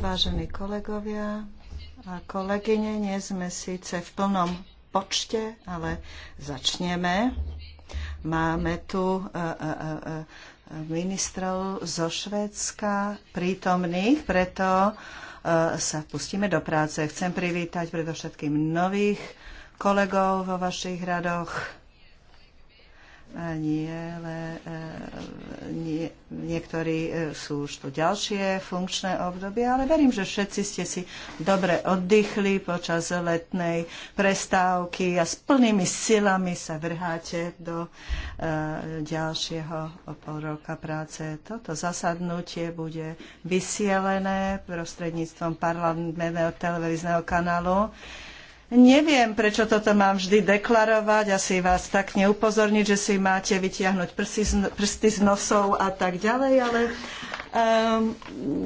Vážení kolegovia a kolegyne, nie sme síce v plnom počte, ale začneme. Máme tu e, e, e, ministrov zo Švédska prítomných, preto sa pustíme do práce. Chcem privítať predovšetkým nových kolegov vo vašich radoch ktorí e, sú už tu ďalšie funkčné obdobie, ale verím, že všetci ste si dobre oddychli počas letnej prestávky a s plnými silami sa vrháte do e, ďalšieho pol roka práce. Toto zasadnutie bude vysielené prostredníctvom parlamentného televízneho kanálu. Neviem, prečo toto mám vždy deklarovať, asi vás tak neupozorniť, že si máte vytiahnuť prsty z, nosov a tak ďalej, ale um,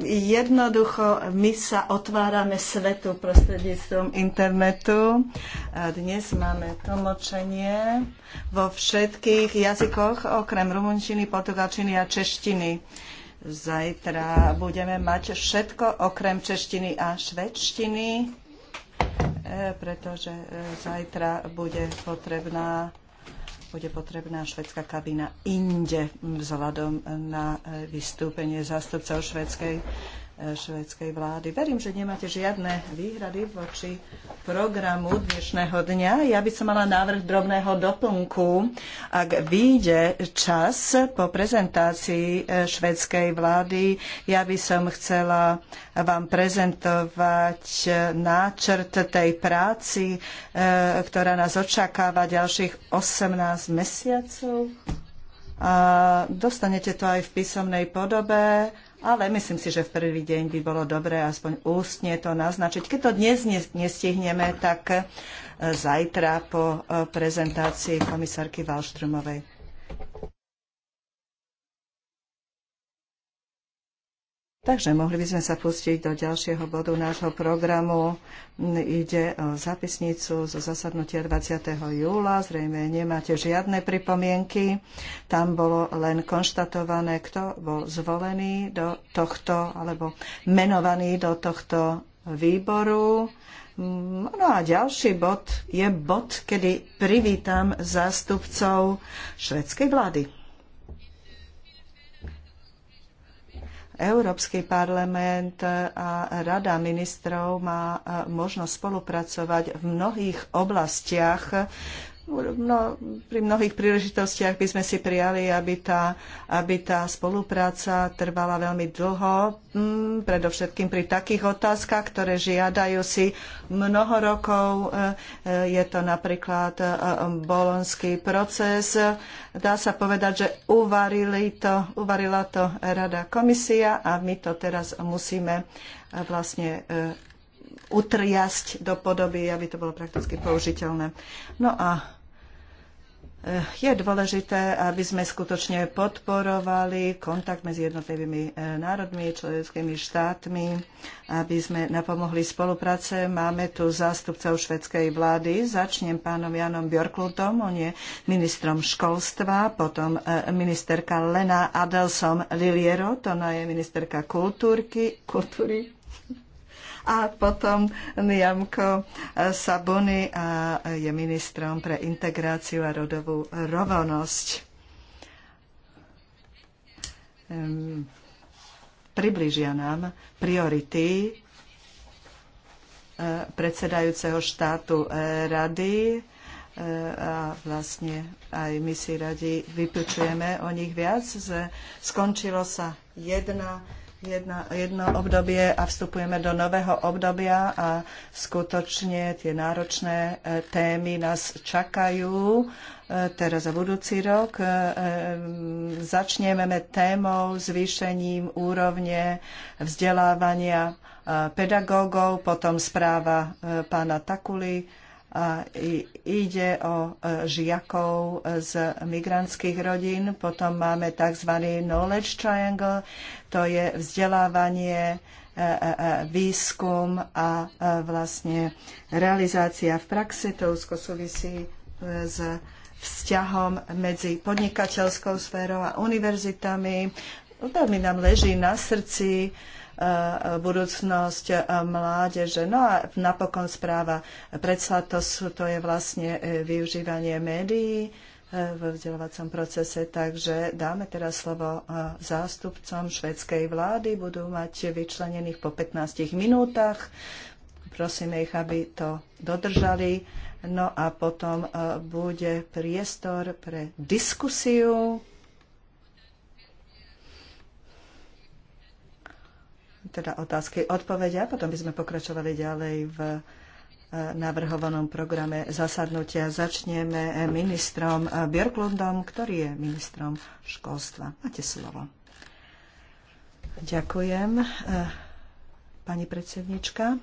jednoducho my sa otvárame svetu prostredníctvom internetu. A dnes máme tlmočenie vo všetkých jazykoch, okrem rumunčiny, portugalčiny a češtiny. Zajtra budeme mať všetko okrem češtiny a švedštiny pretože e, zajtra bude potrebná bude potrebná švedská kabína inde vzhľadom na e, vystúpenie zástupcov švedskej švédskej vlády. Verím, že nemáte žiadne výhrady voči programu dnešného dňa. Ja by som mala návrh drobného doplnku. Ak vyjde čas po prezentácii e, švedskej vlády, ja by som chcela vám prezentovať e, náčrt tej práci, e, ktorá nás očakáva ďalších 18 mesiacov. A dostanete to aj v písomnej podobe ale myslím si, že v prvý deň by bolo dobré aspoň ústne to naznačiť. Keď to dnes nestihneme, tak e, zajtra po e, prezentácii komisárky Valštrumovej. Takže mohli by sme sa pustiť do ďalšieho bodu nášho programu. Ide o zapisnicu zo zasadnutia 20. júla. Zrejme nemáte žiadne pripomienky. Tam bolo len konštatované, kto bol zvolený do tohto, alebo menovaný do tohto výboru. No a ďalší bod je bod, kedy privítam zástupcov švedskej vlády. Európsky parlament a Rada ministrov má e, možnosť spolupracovať v mnohých oblastiach No, pri mnohých príležitostiach by sme si prijali, aby tá, aby tá spolupráca trvala veľmi dlho, mm, predovšetkým pri takých otázkach, ktoré žiadajú si mnoho rokov. E, e, je to napríklad e, bolonský proces. Dá sa povedať, že uvarili to, uvarila to Rada komisia a my to teraz musíme vlastne utriasť do podoby, aby to bolo prakticky použiteľné. No a Eh, je dôležité, aby sme skutočne podporovali kontakt medzi jednotlivými eh, národmi, členskými štátmi, aby sme napomohli spolupráce. Máme tu zástupcov švedskej vlády. Začnem pánom Janom Björklutom, on je ministrom školstva, potom eh, ministerka Lena Adelsom Liliero, to je ministerka kultúrky, kultúry a potom Jamko Sabony a je ministrom pre integráciu a rodovú rovnosť. Priblížia nám priority e, predsedajúceho štátu e, rady e, a vlastne aj my si radi vypočujeme o nich viac. Skončilo sa jedna jedno, jedno obdobie a vstupujeme do nového obdobia a skutočne tie náročné e, témy nás čakajú e, teraz a budúci rok. E, začneme témou zvýšením úrovne vzdelávania pedagógov, potom správa pána Takuli a ide o e, žiakov e, z migrantských rodín. Potom máme tzv. knowledge triangle, to je vzdelávanie, e, výskum a vlastne realizácia v praxi. To úzko súvisí s vzťahom medzi podnikateľskou sférou a univerzitami. Veľmi nám leží na srdci uh, Eh, budúcnosť eh, mládeže. No a napokon správa predsa to, sú, to je vlastne eh, využívanie médií v vzdelávacom procese, takže dáme teraz slovo zástupcom švedskej vlády. Budú mať vyčlenených po 15 minútach. Prosíme ich, aby to dodržali. No a potom bude priestor pre diskusiu. teda otázky, odpovedia, potom by sme pokračovali ďalej v e, navrhovanom programe zasadnutia. Začneme e, ministrom e, Björklundom, ktorý je ministrom školstva. Máte slovo. Ďakujem, pani predsednička.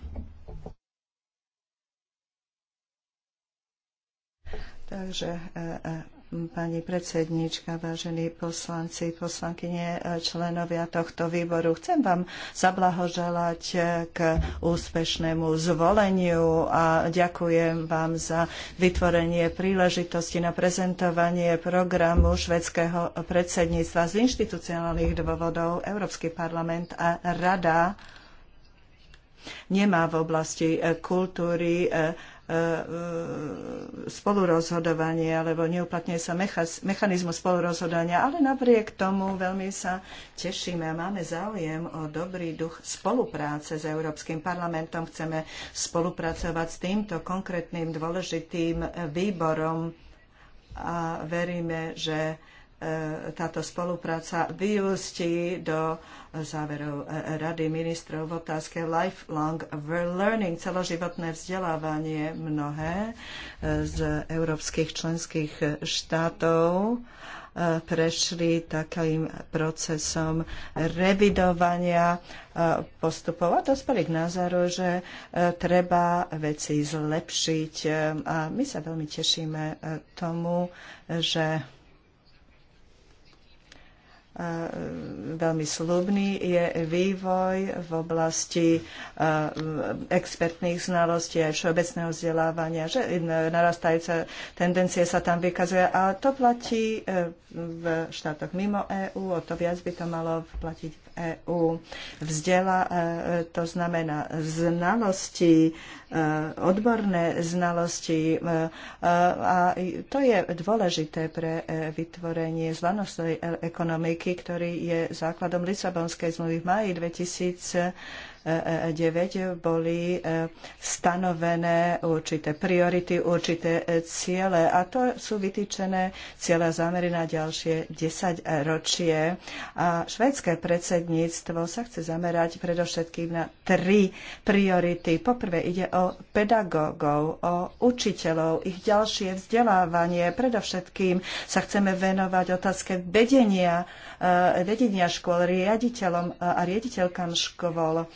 Takže pani predsednička, vážení poslanci, poslankyne, členovia tohto výboru. Chcem vám zablahoželať k úspešnému zvoleniu a ďakujem vám za vytvorenie príležitosti na prezentovanie programu švedského predsedníctva z inštitucionálnych dôvodov Európsky parlament a Rada nemá v oblasti kultúry E, e, spolurozhodovanie alebo neuplatňuje sa mechanizmus spolurozhodovania, ale napriek tomu veľmi sa tešíme a máme záujem o dobrý duch spolupráce s Európskym parlamentom. Chceme spolupracovať s týmto konkrétnym dôležitým výborom a veríme, že E, táto spolupráca vyústí do záverov e, Rady ministrov v otázke lifelong learning, celoživotné vzdelávanie. Mnohé e, z európskych členských štátov prešli takým procesom revidovania postupov a dospeli k názoru, že treba veci zlepšiť. A my sa veľmi tešíme tomu, že E, veľmi slubný je vývoj v oblasti e, expertných znalostí aj všeobecného vzdelávania, že narastajúce tendencie sa tam vykazuje a to platí e, v štátoch mimo EÚ, o to viac by to malo platiť EÚ. Vzdela to znamená znalosti, odborné znalosti a to je dôležité pre vytvorenie zvanostnej ekonomiky, ktorý je základom Lisabonskej zmluvy v maji 2000 E e e boli stanovené určité priority, určité ciele a to sú vytýčené ciele zámery na ďalšie 10 ročie. A švédske predsedníctvo sa chce zamerať predovšetkým na tri priority. Poprvé ide o pedagógov, o učiteľov, ich ďalšie vzdelávanie. Predovšetkým sa chceme venovať otázke vedenia, vedenia škôl, riaditeľom a riaditeľkám škôl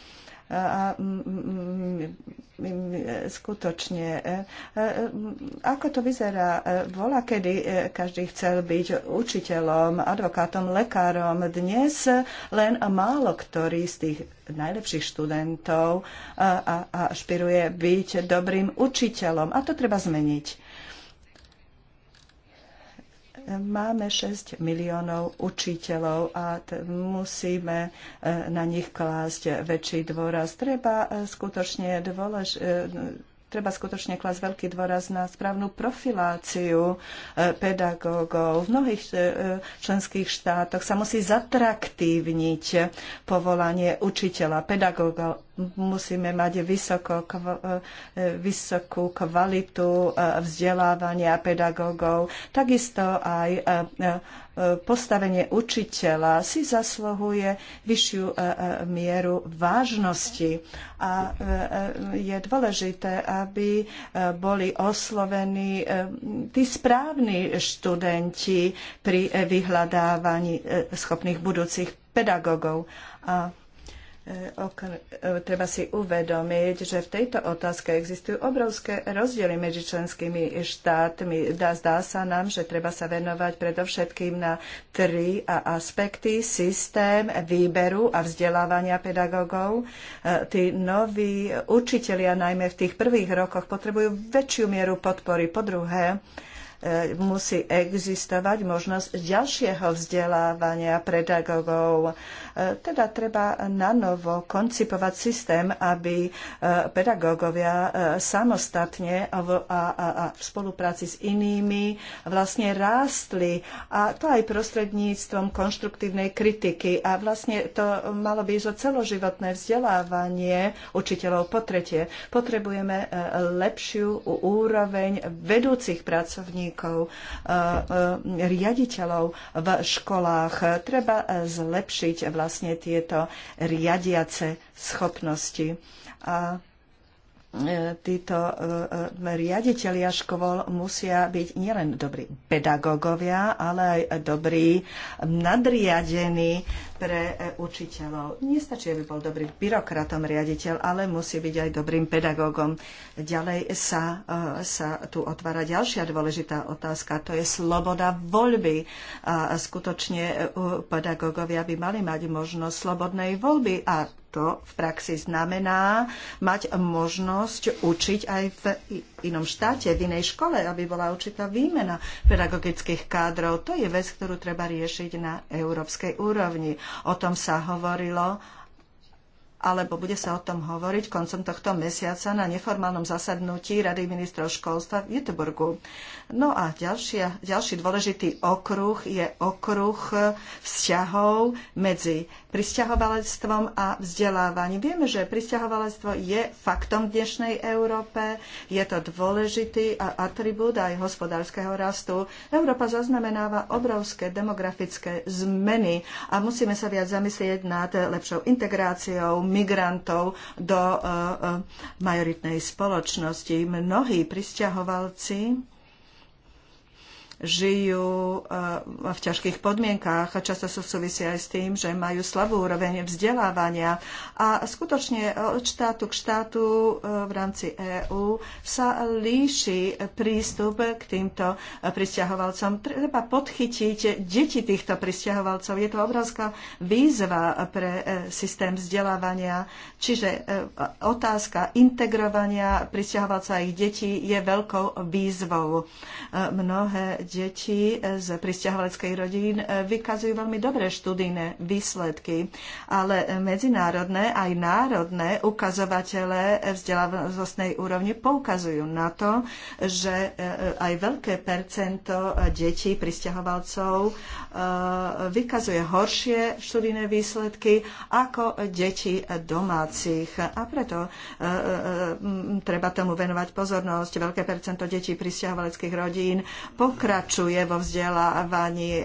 a mm, mm, mm, skutočne, e, e, ako to vyzerá, e, bola kedy každý chcel byť učiteľom, advokátom, lekárom. Dnes len málo ktorý z tých najlepších študentov a, a, a špiruje byť dobrým učiteľom. A to treba zmeniť Máme 6 miliónov učiteľov a musíme eh, na nich klásť väčší dôraz. Treba eh, skutočne dôlež- eh, treba skutočne klasť veľký dôraz na správnu profiláciu e, pedagógov. V mnohých e, členských štátoch sa musí zatraktívniť povolanie učiteľa, pedagóga. Musíme mať vysoko, e, vysokú kvalitu vzdelávania pedagógov, takisto aj postavenie učiteľa si zasluhuje vyššiu e, e, mieru vážnosti a e, je dôležité, aby boli oslovení tí správni študenti pri vyhľadávaní schopných budúcich pedagógov. A E, e, treba si uvedomiť, že v tejto otázke existujú obrovské rozdiely medzi členskými štátmi. Dá, zdá sa nám, že treba sa venovať predovšetkým na tri aspekty. Systém výberu a vzdelávania pedagógov. E, tí noví učitelia, najmä v tých prvých rokoch, potrebujú väčšiu mieru podpory. Po druhé, musí existovať možnosť ďalšieho vzdelávania pedagógov teda treba nanovo koncipovať systém, aby e, pedagógovia e, samostatne a v spolupráci s inými vlastne rástli a to aj prostredníctvom konštruktívnej kritiky a vlastne to malo by ísť o celoživotné vzdelávanie učiteľov. Po tretie, potrebujeme e, lepšiu úroveň vedúcich pracovníkov, riaditeľov v školách. Treba zlepšiť vlastne vlastne tieto riadiace schopnosti. A E, títo e, e, riaditeľia škôl musia byť nielen dobrí pedagógovia, ale aj dobrí nadriadení pre učiteľov. Nestačí, aby bol dobrý byrokratom riaditeľ, ale musí byť aj dobrým pedagógom. Ďalej sa, sa tu otvára ďalšia dôležitá otázka, to je sloboda voľby. A skutočne pedagógovia by mali mať možnosť slobodnej voľby a to v praxi znamená mať možnosť učiť aj v inom štáte, v inej škole, aby bola určitá výmena pedagogických kádrov. To je vec, ktorú treba riešiť na európskej úrovni. O tom sa hovorilo alebo bude sa o tom hovoriť koncom tohto mesiaca na neformálnom zasadnutí Rady ministrov školstva v Göteborgu. No a ďalšia, ďalší dôležitý okruh je okruh vzťahov medzi pristahovalectvom a vzdelávaním. Vieme, že pristahovalectvo je faktom v dnešnej Európe, je to dôležitý atribút aj hospodárskeho rastu. Európa zaznamenáva obrovské demografické zmeny a musíme sa viac zamyslieť nad lepšou integráciou, migrantov do eh, eh, majoritnej spoločnosti. Mnohí pristahovalci žijú eh, v ťažkých podmienkách a často sú súvisia aj s tým, že majú slabú úroveň vzdelávania. A skutočne od štátu k štátu eh, v rámci EÚ sa líši prístup k týmto eh, pristahovalcom. Treba podchytiť deti týchto pristahovalcov. Je to obrovská výzva pre systém vzdelávania. Čiže otázka integrovania pristahovalca a ich detí je veľkou výzvou. Mnohé deti z pristahovaleckých rodín e, vykazujú veľmi dobré študijné výsledky, ale medzinárodné aj národné ukazovatele vzdelávostnej úrovne poukazujú na to, že e, e, aj veľké percento detí pristahovalcov vykazuje horšie študijné výsledky ako deti domácich. A preto treba tomu venovať pozornosť. Veľké percento detí pristahovaleckých rodín pokračujú pokračuje vo vzdelávaní, e,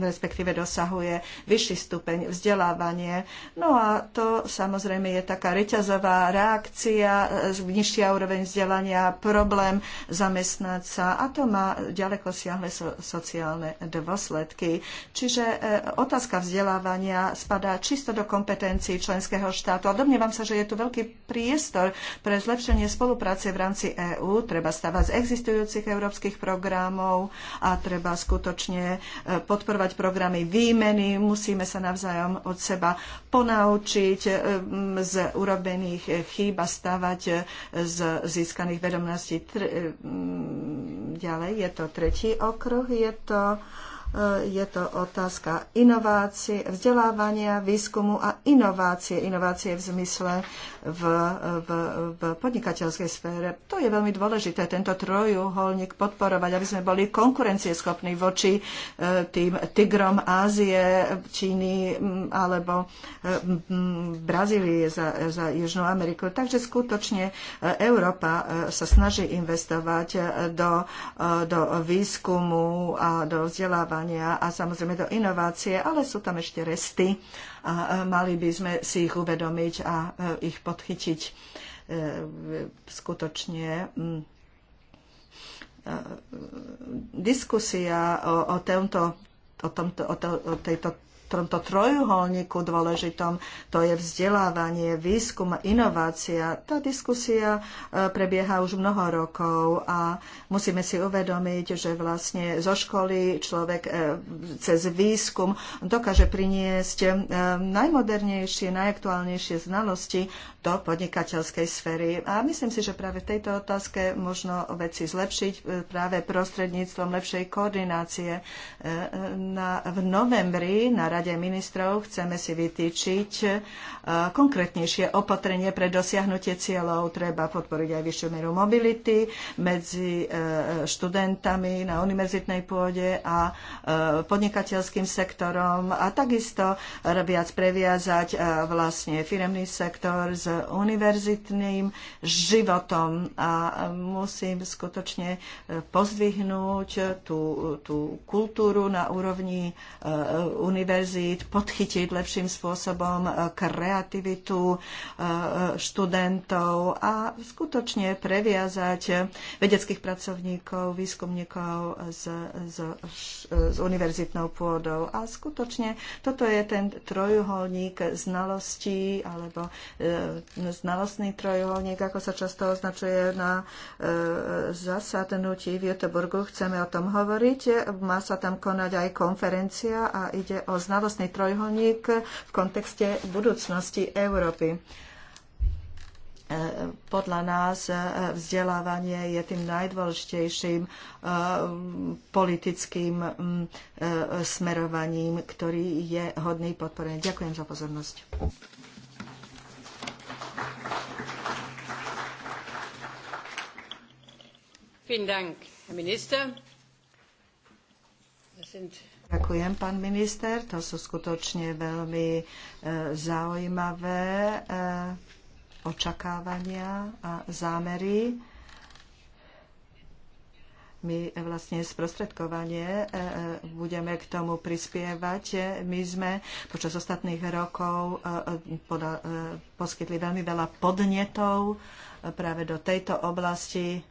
respektíve dosahuje vyšší stupeň vzdelávanie. No a to samozrejme je taká reťazová reakcia, e, nižšia úroveň vzdelania, problém zamestnať sa a to má ďaleko siahle so, sociálne dôsledky. Čiže e, otázka vzdelávania spadá čisto do kompetencií členského štátu a domnievam sa, že je tu veľký priestor pre zlepšenie spolupráce v rámci EÚ, treba stavať z existujúcich európskych programov a treba skutočne e, podporovať programy výmeny, musíme sa navzájom od seba ponaučiť e, z urobených chýb a stavať e, z získaných vedomností. Ďalej je to tretí okruh, je to E, je to otázka inovácie, vzdelávania, výskumu a inovácie. Inovácie v zmysle v, v, v podnikateľskej sfére. To je veľmi dôležité, tento trojuholník podporovať, aby sme boli konkurencieschopní voči e, tým tigrom Ázie, Číny alebo e, Brazílie za, za Južnú Ameriku. Takže skutočne Európa sa snaží investovať do, do výskumu a do vzdelávania vzdelávania a samozrejme do inovácie, ale sú tam ešte resty a e, mali by sme si ich uvedomiť a e, ich podchytiť e, skutočne mm, diskusia o, o, tomto, o, tomto, o, to, o tejto tomto trojuholníku dôležitom, to je vzdelávanie, výskum, inovácia. Tá diskusia e, prebieha už mnoho rokov a musíme si uvedomiť, že vlastne zo školy človek e, cez výskum dokáže priniesť e, najmodernejšie, najaktuálnejšie znalosti do podnikateľskej sféry. A myslím si, že práve v tejto otázke možno veci zlepšiť e, práve prostredníctvom lepšej koordinácie. E, e, na, v novembri na Rade ministrov chceme si vytýčiť konkrétnejšie opatrenie pre dosiahnutie cieľov. Treba podporiť aj vyššiu mieru mobility medzi študentami na univerzitnej pôde a podnikateľským sektorom a takisto viac previazať vlastne firemný sektor s univerzitným životom a musím skutočne e, pozdvihnúť e, tú, tú kultúru na úrovni e, univerzít, podchytiť lepším spôsobom kreativitu študentov a skutočne previazať vedeckých pracovníkov, výskumníkov s, s, s univerzitnou pôdou. A skutočne toto je ten trojuholník znalostí alebo znalostný trojuholník, ako sa často označuje na e, zasadnutí v Göteborgu. Chceme o tom hovoriť. Má sa tam konať aj konferencia a ide o znalostný trojuholník v kontexte budúcnosti Európy e, podľa nás e, vzdelávanie je tým najdôležitejším politickým smerovaním, ktorý je hodný podporený. Ďakujem za pozornosť. Vielen Dank, Herr Minister. Das sind Ďakujem, pán minister. To sú skutočne veľmi e, zaujímavé e, očakávania a zámery my eh, vlastne sprostredkovanie eh, eh, budeme k tomu prispievať. My sme počas ostatných rokov poskytli veľmi veľa podnetov práve do tejto oblasti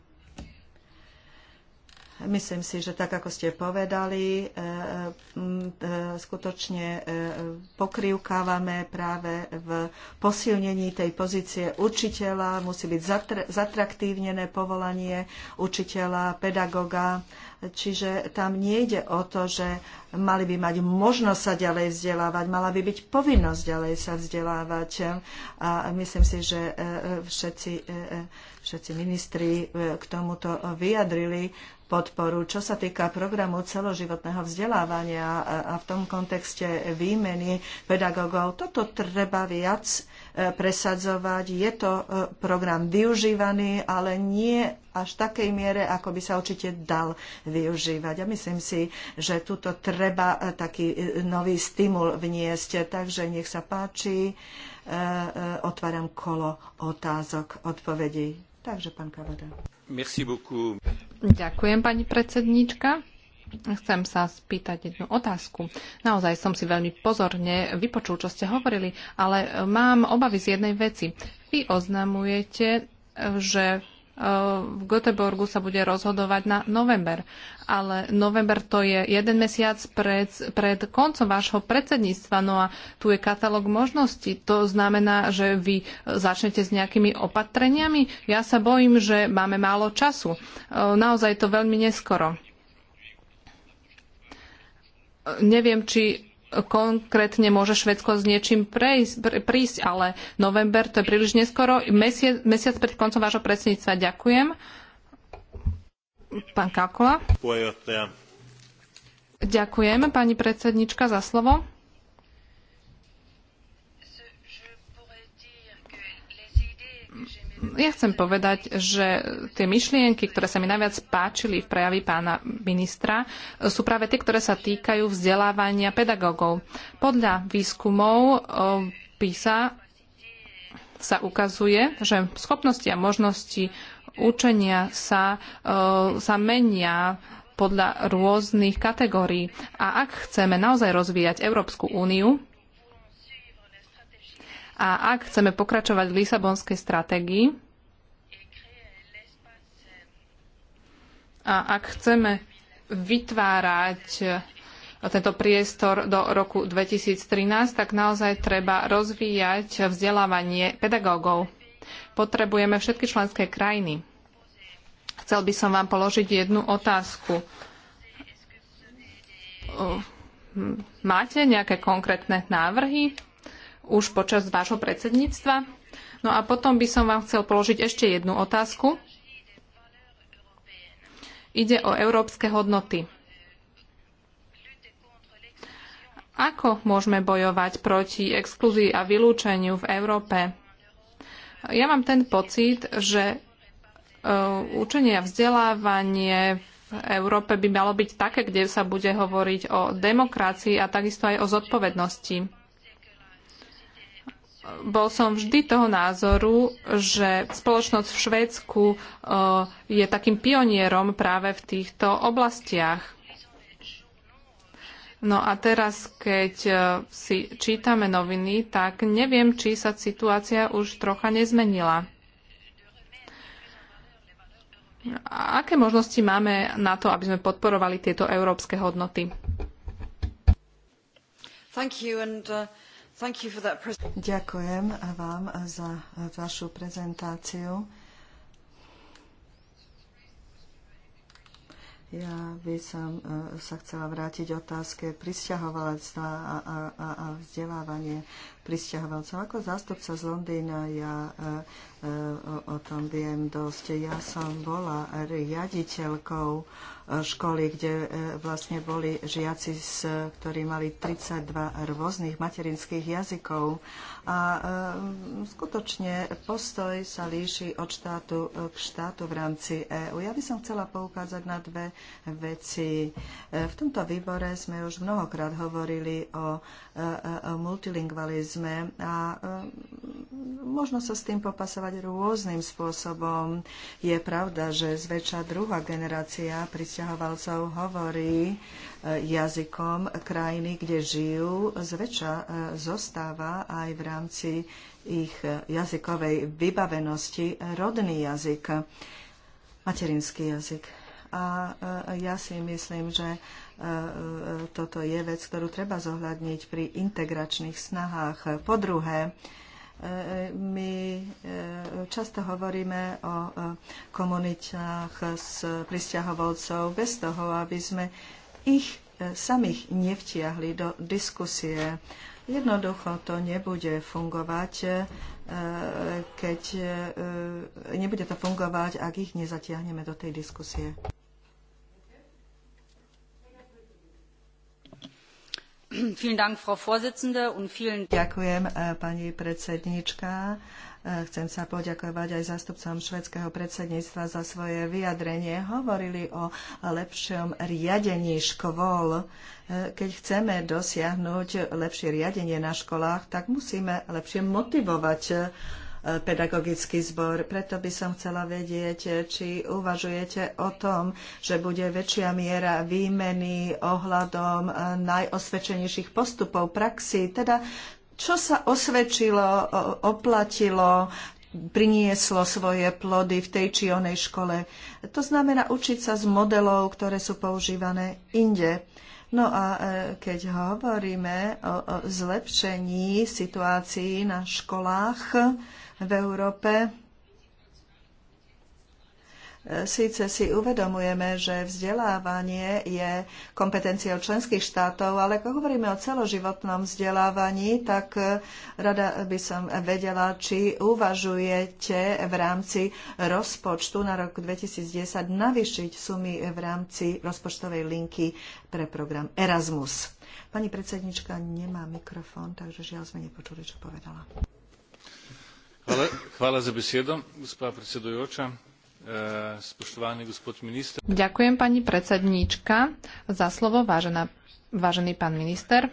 Myslím si, že tak, ako ste povedali, e, e, e, skutočne pokrivkávame práve v posilnení tej pozície učiteľa. Musí byť zatraktívnené povolanie učiteľa, pedagoga. Čiže tam nejde o to, že mali by mať možnosť sa ďalej vzdelávať, mala by byť povinnosť ďalej sa vzdelávať. A myslím si, že všetci všetci ministri e, k tomuto vyjadrili podporu. Čo sa týka programu celoživotného vzdelávania e, a v tom kontexte výmeny pedagógov, toto treba viac e, presadzovať. Je to program využívaný, ale nie až v takej miere, ako by sa určite dal využívať. A myslím si, že tuto treba taký nový stimul vniesť. Takže nech sa páči, otváram kolo otázok, odpovedí. Takže pán Kavada. Merci beaucoup. Ďakujem, pani predsedníčka. Chcem sa spýtať jednu otázku. Naozaj som si veľmi pozorne vypočul, čo ste hovorili, ale mám obavy z jednej veci. Vy oznamujete, že v Göteborgu sa bude rozhodovať na november. Ale november to je jeden mesiac pred, pred koncom vášho predsedníctva. No a tu je katalóg možností. To znamená, že vy začnete s nejakými opatreniami. Ja sa bojím, že máme málo času. E, naozaj to veľmi neskoro. E, neviem, či konkrétne môže Švedsko s niečím prejsť, prísť, ale november to je príliš neskoro. Mesiac, mesiac pred koncom vášho predsedníctva ďakujem. Pán Kalkola. Ďakujem, pani predsednička, za slovo. ja chcem povedať, že tie myšlienky, ktoré sa mi najviac páčili v prejavi pána ministra, sú práve tie, ktoré sa týkajú vzdelávania pedagógov. Podľa výskumov PISA sa ukazuje, že schopnosti a možnosti učenia sa, sa menia podľa rôznych kategórií. A ak chceme naozaj rozvíjať Európsku úniu, a ak chceme pokračovať v Lisabonskej stratégii a ak chceme vytvárať tento priestor do roku 2013, tak naozaj treba rozvíjať vzdelávanie pedagógov. Potrebujeme všetky členské krajiny. Chcel by som vám položiť jednu otázku. Máte nejaké konkrétne návrhy? už počas vášho predsedníctva? No a potom by som vám chcel položiť ešte jednu otázku. Ide o európske hodnoty. Ako môžeme bojovať proti exkluzii a vylúčeniu v Európe? Ja mám ten pocit, že e, učenie a vzdelávanie v Európe by malo byť také, kde sa bude hovoriť o demokracii a takisto aj o zodpovednosti bol som vždy toho názoru, že spoločnosť v Švédsku e, je takým pionierom práve v týchto oblastiach. No a teraz, keď e, si čítame noviny, tak neviem, či sa situácia už trocha nezmenila. A aké možnosti máme na to, aby sme podporovali tieto európske hodnoty? Thank you and, uh... Ďakujem vám za vašu prezentáciu. Ja by som e, sa chcela vrátiť otázke prisťahovalectva a, a, a, a vzdelávanie pristahovalcov. Ako zástupca z Londýna ja e, e, o tom viem dosť. Ja som bola riaditeľkou e, školy, kde vlastne boli žiaci, ktorí mali 32 rôznych materinských jazykov. A skutočne postoj sa líši od štátu k štátu v rámci EÚ. Ja by som chcela poukázať na dve veci. V tomto výbore sme už mnohokrát hovorili o multilingvalizmu sme a e, možno sa s tým popasovať rôznym spôsobom. Je pravda, že zväčša druhá generácia pristahovalcov hovorí e, jazykom krajiny, kde žijú. Zväčša e, zostáva aj v rámci ich jazykovej vybavenosti rodný jazyk, materinský jazyk a e, ja si myslím, že e, e, toto je vec, ktorú treba zohľadniť pri integračných snahách. Po druhé, my často hovoríme o komunitách s pristahovalcov bez toho, aby sme ich samých nevtiahli do diskusie. Jednoducho to nebude fungovať, keď nebude to fungovať, ak ich nezatiahneme do tej diskusie. Ďakujem, eh, pani predsednička. Eh, chcem sa poďakovať aj zástupcom švedského predsedníctva za svoje vyjadrenie. Hovorili o lepšom riadení škôl. Eh, keď chceme dosiahnuť lepšie riadenie na školách, tak musíme lepšie motivovať E, pedagogický zbor. Preto by som chcela vedieť, e, či uvažujete o tom, že bude väčšia miera výmeny ohľadom e, najosvedčenejších postupov praxi, teda čo sa osvedčilo, oplatilo, prinieslo svoje plody v tej či onej škole. To znamená učiť sa z modelov, ktoré sú používané inde. No a keď hovoríme o, o zlepšení situácií na školách, v Európe. Sice si uvedomujeme, že vzdelávanie je kompetenciou členských štátov, ale ako hovoríme o celoživotnom vzdelávaní, tak eh, rada by som vedela, či uvažujete v rámci rozpočtu na rok 2010 navyšiť sumy v rámci rozpočtovej linky pre program Erasmus. Pani predsednička nemá mikrofón, takže žiaľ sme nepočuli, čo povedala. Hvala, za besedo, gospa predsedujoča. E, spoštovani gospod minister. Ďakujem pani predsedníčka za slovo, vážená, vážený pán minister.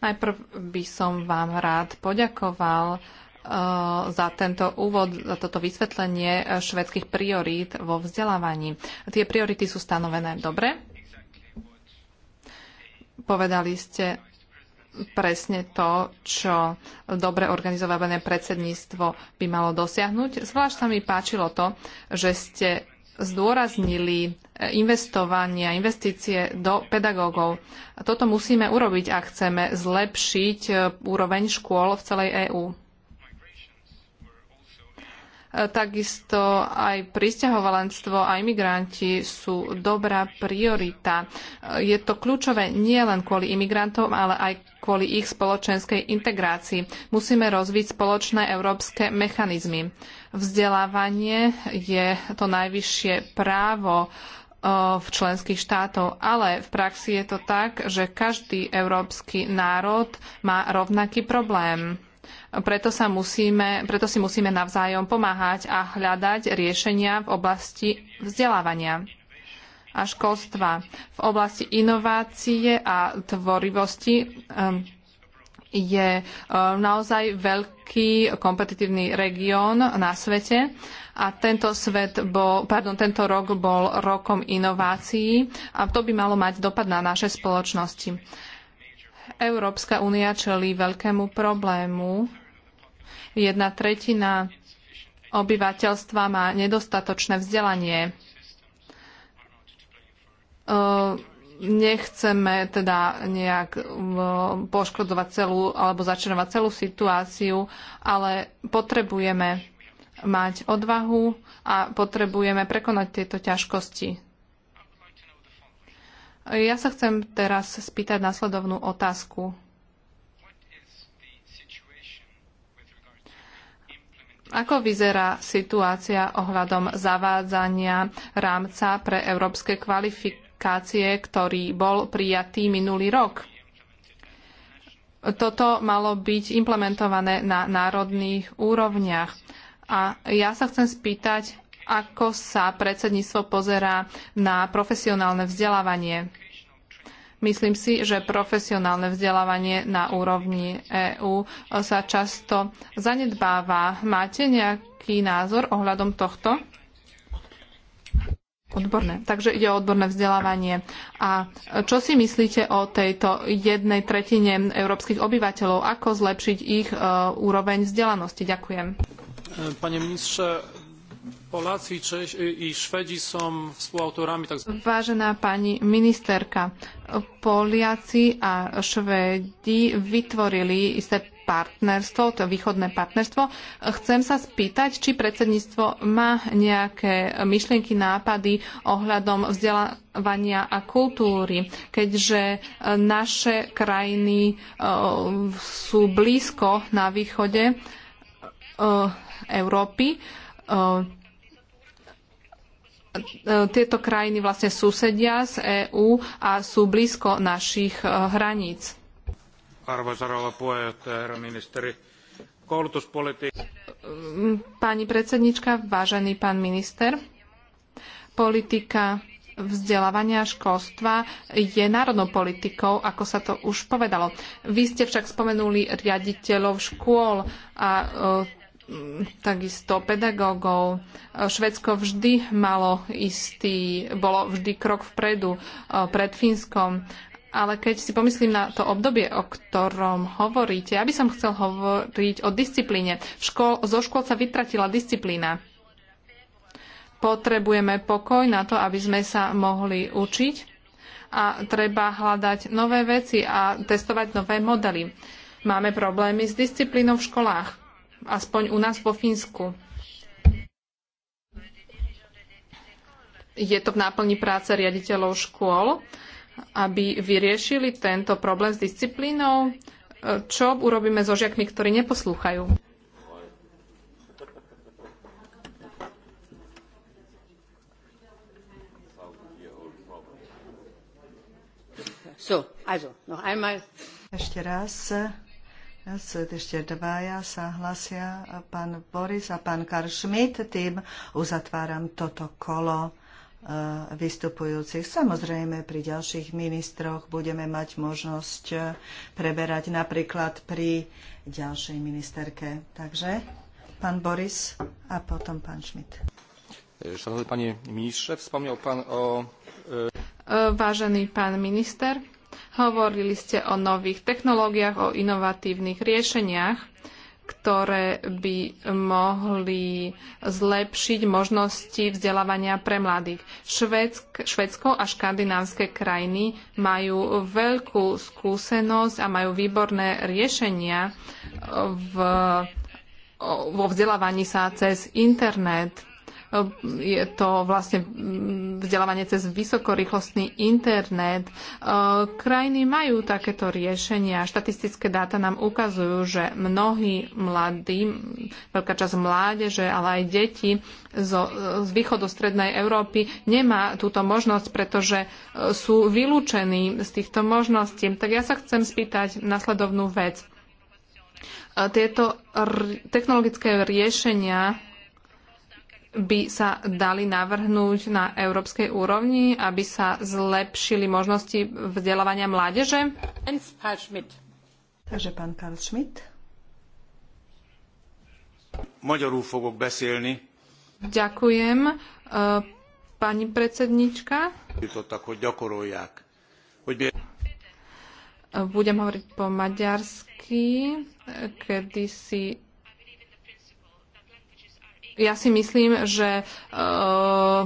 Najprv by som vám rád poďakoval e, za tento úvod, za toto vysvetlenie švedských priorít vo vzdelávaní. Tie priority sú stanovené dobre. Povedali ste presne to, čo dobre organizované predsedníctvo by malo dosiahnuť. Zvlášť sa mi páčilo to, že ste zdôraznili investovanie a investície do pedagógov. Toto musíme urobiť, ak chceme zlepšiť eh, úroveň škôl v celej EÚ. E, takisto aj pristahovalenstvo a imigranti sú dobrá priorita. E, je to kľúčové nielen kvôli imigrantom, ale aj kvôli ich spoločenskej integrácii. Musíme rozviť spoločné európske mechanizmy. Vzdelávanie je to najvyššie právo e, v členských štátov, ale v praxi je to tak, že každý európsky národ má rovnaký problém preto, sa musíme, preto si musíme navzájom pomáhať a hľadať riešenia v oblasti vzdelávania a školstva. V oblasti inovácie a tvorivosti ehm, je ehm, naozaj veľký kompetitívny región na svete a tento, svet bol, pardon, tento rok bol rokom inovácií a to by malo mať dopad na naše spoločnosti. Európska únia čelí veľkému problému. Jedna tretina obyvateľstva má nedostatočné vzdelanie. Nechceme teda nejak poškodovať celú alebo začerovať celú situáciu, ale potrebujeme mať odvahu a potrebujeme prekonať tieto ťažkosti. Ja sa chcem teraz spýtať následovnú otázku. Ako vyzerá situácia ohľadom zavádzania rámca pre európske kvalifikácie, ktorý bol prijatý minulý rok? Toto malo byť implementované na národných úrovniach. A ja sa chcem spýtať, ako sa predsedníctvo pozerá na profesionálne vzdelávanie. Myslím si, že profesionálne vzdelávanie na úrovni EÚ sa často zanedbáva. Máte nejaký názor ohľadom tohto? Odborné. Takže ide o odborné vzdelávanie. A čo si myslíte o tejto jednej tretine európskych obyvateľov? Ako zlepšiť ich e, úroveň vzdelanosti? Ďakujem. Panie ministrze, i Švedi spoluautorami tak... Vážená pani ministerka, Poliaci a Švedi vytvorili isté partnerstvo, to východné partnerstvo. Chcem sa spýtať, či predsedníctvo má nejaké myšlienky, nápady ohľadom vzdelávania a kultúry, keďže naše krajiny e, sú blízko na východe e, Európy e, E, tieto krajiny vlastne susedia z EÚ a sú blízko našich e, hraníc. Arvoisa rouva puheenjohtaja, herra ministeri. E, pani predsednička, vážený pán minister, politika vzdelávania a školstva je národnou politikou, ako sa to už povedalo. Vy ste však spomenuli riaditeľov škôl a takisto pedagógov. Švedsko vždy malo istý, bolo vždy krok vpredu eh, pred Fínskom. Ale keď si pomyslím na to obdobie, o ktorom hovoríte, ja by som chcel hovoriť o disciplíne. V škol, zo škôl sa vytratila disciplína. Potrebujeme pokoj na to, aby sme sa mohli učiť a treba hľadať nové veci a testovať nové modely. Máme problémy s disciplínou v školách aspoň u nás vo Fínsku. Je to v náplni práce riaditeľov škôl, aby vyriešili tento problém s disciplínou. Čo urobíme so žiakmi, ktorí neposlúchajú? So, also, noch einmal. Ešte raz Teraz ešte dvaja sa hlasia, pán Boris a pán Karl Schmidt. Tým uzatváram toto kolo e, vystupujúcich. Samozrejme, pri ďalších ministroch budeme mať možnosť e, preberať napríklad pri ďalšej ministerke. Takže pán Boris a potom pán Schmidt. Szanowny panie ministrze, wspomniał pan o... Vážený e, pán minister, Hovorili ste o nových technológiách, o inovatívnych riešeniach, ktoré by mohli zlepšiť možnosti vzdelávania pre mladých. Švédsk, Švédsko a škandinávské krajiny majú veľkú skúsenosť a majú výborné riešenia v, vo vzdelávaní sa cez internet je to vlastne vzdelávanie cez vysokorýchlostný internet. E, krajiny majú takéto riešenia. Štatistické dáta nám ukazujú, že mnohí mladí, veľká časť mládeže, ale aj deti zo, z strednej Európy nemá túto možnosť, pretože e, sú vylúčení z týchto možností. Tak ja sa chcem spýtať nasledovnú vec. E, tieto technologické riešenia by sa dali navrhnúť na európskej úrovni, aby sa zlepšili možnosti vzdelávania mládeže? Takže pán Karl Schmidt. Magyarul fogok beszélni. Ďakujem. E, pani predsednička. Budem hovoriť po maďarsky. E, kedy si ja si myslím, že eh,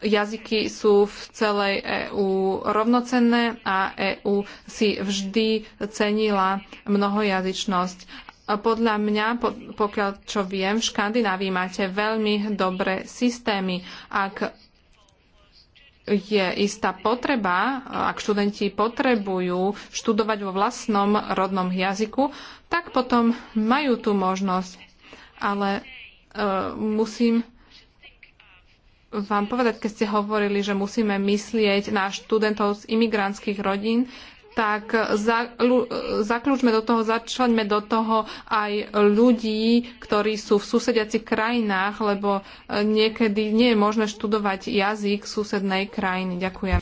jazyky sú v celej EÚ rovnocenné a EÚ si vždy cenila mnohojazyčnosť. Podľa mňa, pokiaľ čo viem, v Škandinávii máte veľmi dobré systémy. Ak je istá potreba, ak študenti potrebujú študovať vo vlastnom rodnom jazyku, tak potom majú tú možnosť. Ale Eh, musím vám povedať, keď ste hovorili, že musíme myslieť na študentov z imigrantských rodín, tak za, eh, zaklúčme do toho, začleňme do toho aj ľudí, ktorí sú v susediacich krajinách, lebo eh, niekedy nie je možné študovať jazyk susednej krajiny. Ďakujem.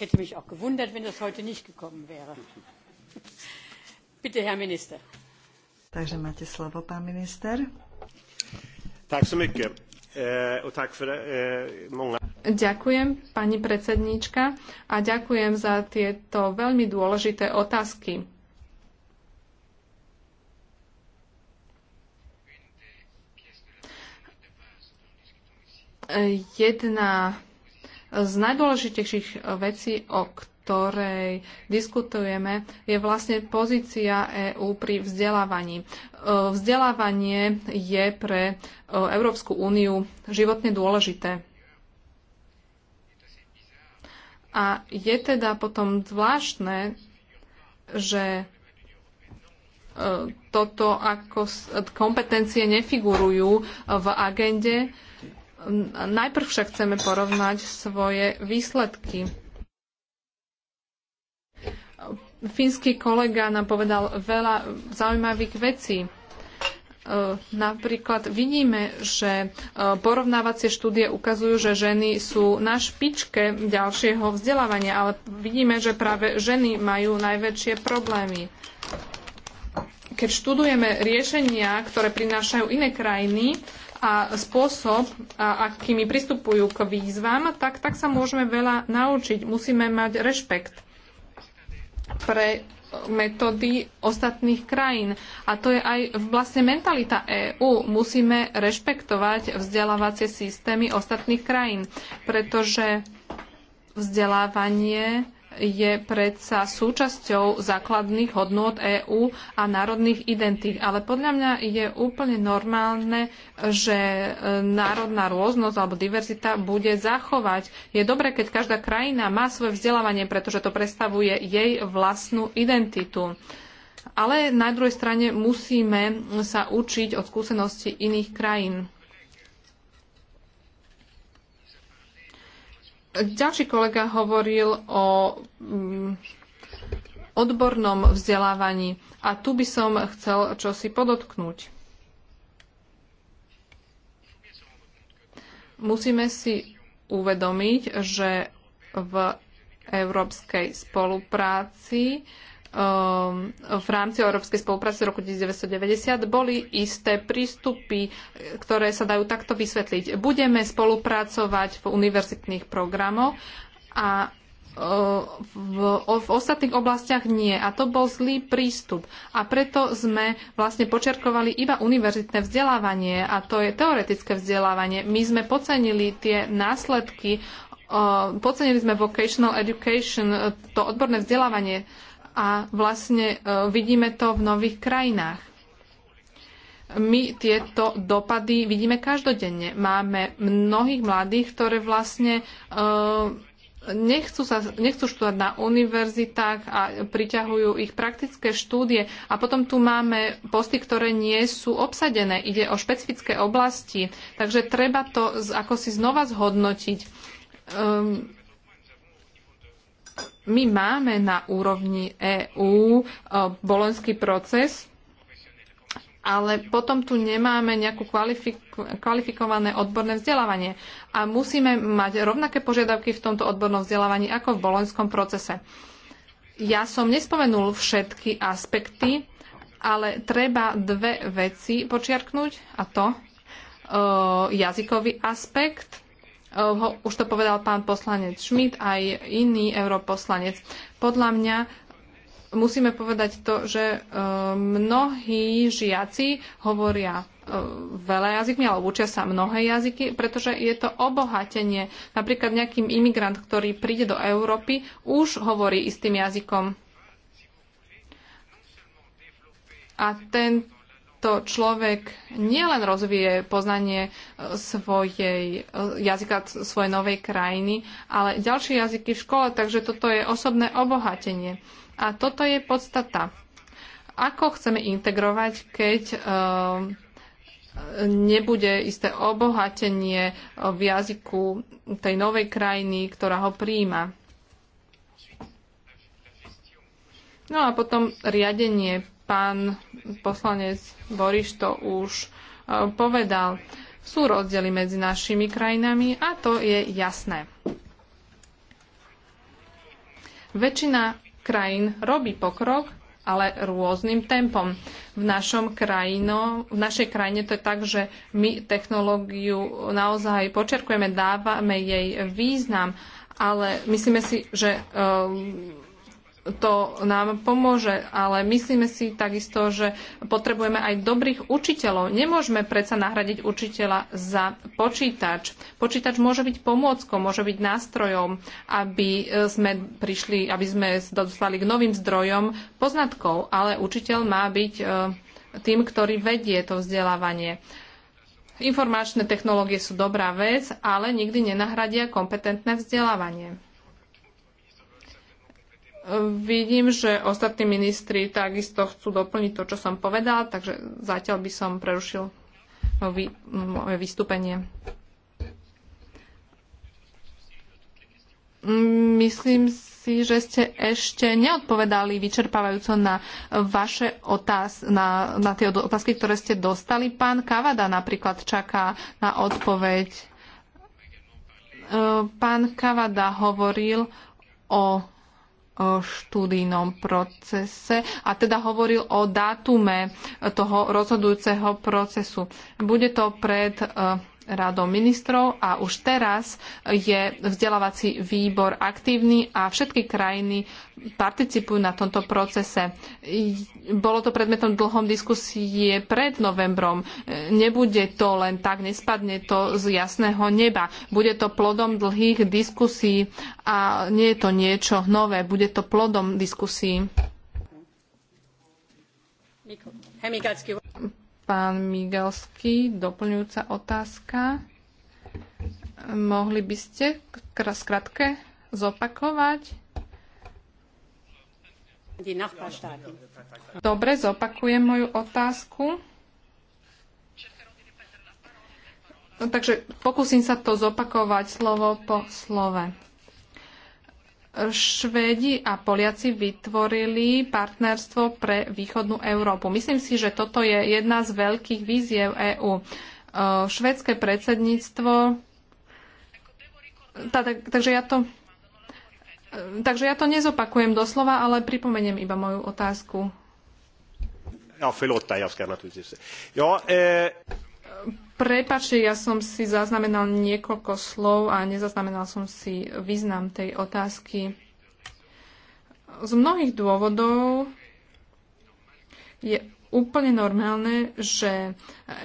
Takže máte slovo, pán minister. Eh, eh, ďakujem, pani predsedníčka, a ďakujem za tieto veľmi dôležité otázky. Jedna z najdôležitejších vecí, o ktorých ktorej diskutujeme, je vlastne pozícia EÚ pri vzdelávaní. E, vzdelávanie je pre e, Európsku úniu životne dôležité. A je teda potom zvláštne, že e, toto ako kompetencie nefigurujú v agende, Najprv však chceme porovnať svoje výsledky fínsky kolega nám povedal veľa zaujímavých vecí. E, napríklad vidíme, že e, porovnávacie štúdie ukazujú, že ženy sú na špičke ďalšieho vzdelávania, ale vidíme, že práve ženy majú najväčšie problémy. Keď študujeme riešenia, ktoré prinášajú iné krajiny, a spôsob, a, akými pristupujú k výzvam, tak, tak sa môžeme veľa naučiť. Musíme mať rešpekt pre metódy ostatných krajín. A to je aj vlastne mentalita EÚ. Musíme rešpektovať vzdelávacie systémy ostatných krajín, pretože vzdelávanie je predsa súčasťou základných hodnôt EÚ a národných identít. Ale podľa mňa je úplne normálne, že e, národná rôznosť alebo diverzita bude zachovať. Je dobré, keď každá krajina má svoje vzdelávanie, pretože to predstavuje jej vlastnú identitu. Ale na druhej strane musíme sa učiť od skúseností iných krajín. Ďalší kolega hovoril o mm, odbornom vzdelávaní a tu by som chcel čosi podotknúť. Musíme si uvedomiť, že v európskej spolupráci uh, Ehm, v rámci európskej spolupráce v roku 1990 boli isté prístupy, ktoré sa dajú takto vysvetliť. Budeme spolupracovať v univerzitných programoch a ehm, v, v ostatných oblastiach nie. A to bol zlý prístup. A preto sme vlastne počerkovali iba univerzitné vzdelávanie a to je teoretické vzdelávanie. My sme pocenili tie následky, ehm, pocenili sme vocational education, to odborné vzdelávanie a vlastne e, vidíme to v nových krajinách. My tieto dopady vidíme každodenne. Máme mnohých mladých, ktoré vlastne e, nechcú, sa, nechcú študovať na univerzitách a priťahujú ich praktické štúdie. A potom tu máme posty, ktoré nie sú obsadené. Ide o špecifické oblasti. Takže treba to ako si znova zhodnotiť. Ehm, my máme na úrovni EÚ e, bolenský proces, ale potom tu nemáme nejakú kvalifik- kvalifikované odborné vzdelávanie. A musíme mať rovnaké požiadavky v tomto odbornom vzdelávaní ako v boloňskom procese. Ja som nespomenul všetky aspekty, ale treba dve veci počiarknúť, a to e, jazykový aspekt ho, už to povedal pán poslanec Schmidt, aj iný europoslanec. Podľa mňa musíme povedať to, že e, mnohí žiaci hovoria e, veľa jazykmi, alebo učia sa mnohé jazyky, pretože je to obohatenie. Napríklad nejaký imigrant, ktorý príde do Európy, už hovorí istým jazykom. A ten to človek nielen rozvie poznanie e, svojej e, jazyka svojej novej krajiny, ale ďalšie jazyky v škole, takže toto je osobné obohatenie. A toto je podstata. Ako chceme integrovať, keď e, nebude isté obohatenie v jazyku tej novej krajiny, ktorá ho príjima. No a potom riadenie Pán poslanec Boriš to už e, povedal. Sú rozdiely medzi našimi krajinami a to je jasné. Väčšina krajín robí pokrok, ale rôznym tempom. V, našom krajino, v našej krajine to je tak, že my technológiu naozaj počerkujeme, dávame jej význam, ale myslíme si, že um, to nám pomôže, ale myslíme si takisto, že potrebujeme aj dobrých učiteľov. Nemôžeme predsa nahradiť učiteľa za počítač. Počítač môže byť pomôckou, môže byť nástrojom, aby e, sme prišli, aby sme dostali k novým zdrojom poznatkov, ale učiteľ má byť e, tým, ktorý vedie to vzdelávanie. Informačné technológie sú dobrá vec, ale nikdy nenahradia kompetentné vzdelávanie. Vidím, že ostatní ministri takisto chcú doplniť to, čo som povedala, takže zatiaľ by som prerušil moje vystúpenie. Myslím si, že ste ešte neodpovedali vyčerpávajúco na vaše otáz, na, na tie otázky, ktoré ste dostali. Pán Kavada napríklad čaká na odpoveď. E, pán Kavada hovoril o štúdijnom procese a teda hovoril o dátume toho rozhodujúceho procesu. Bude to pred eh, radou ministrov a už teraz je vzdelávací výbor aktívny a všetky krajiny participujú na tomto procese. Bolo to predmetom dlhom diskusie pred novembrom. Nebude to len tak, nespadne to z jasného neba. Bude to plodom dlhých diskusí a nie je to niečo nové, bude to plodom diskusí. Pán Migalský, doplňujúca otázka. Mohli by ste skratke zopakovať? Dobre, zopakujem moju otázku. No, takže pokúsim sa to zopakovať slovo po slove. Švédi a Poliaci vytvorili partnerstvo pre východnú Európu. Myslím si, že toto je jedna z veľkých víziev EÚ. E, švédske predsedníctvo. takže ja to. E, takže ja to nezopakujem doslova, ale pripomeniem iba moju otázku. Ja, förlåt, Ja, eh... Prepačte, ja som si zaznamenal niekoľko slov a nezaznamenal som si význam tej otázky. Z mnohých dôvodov je úplne normálne, že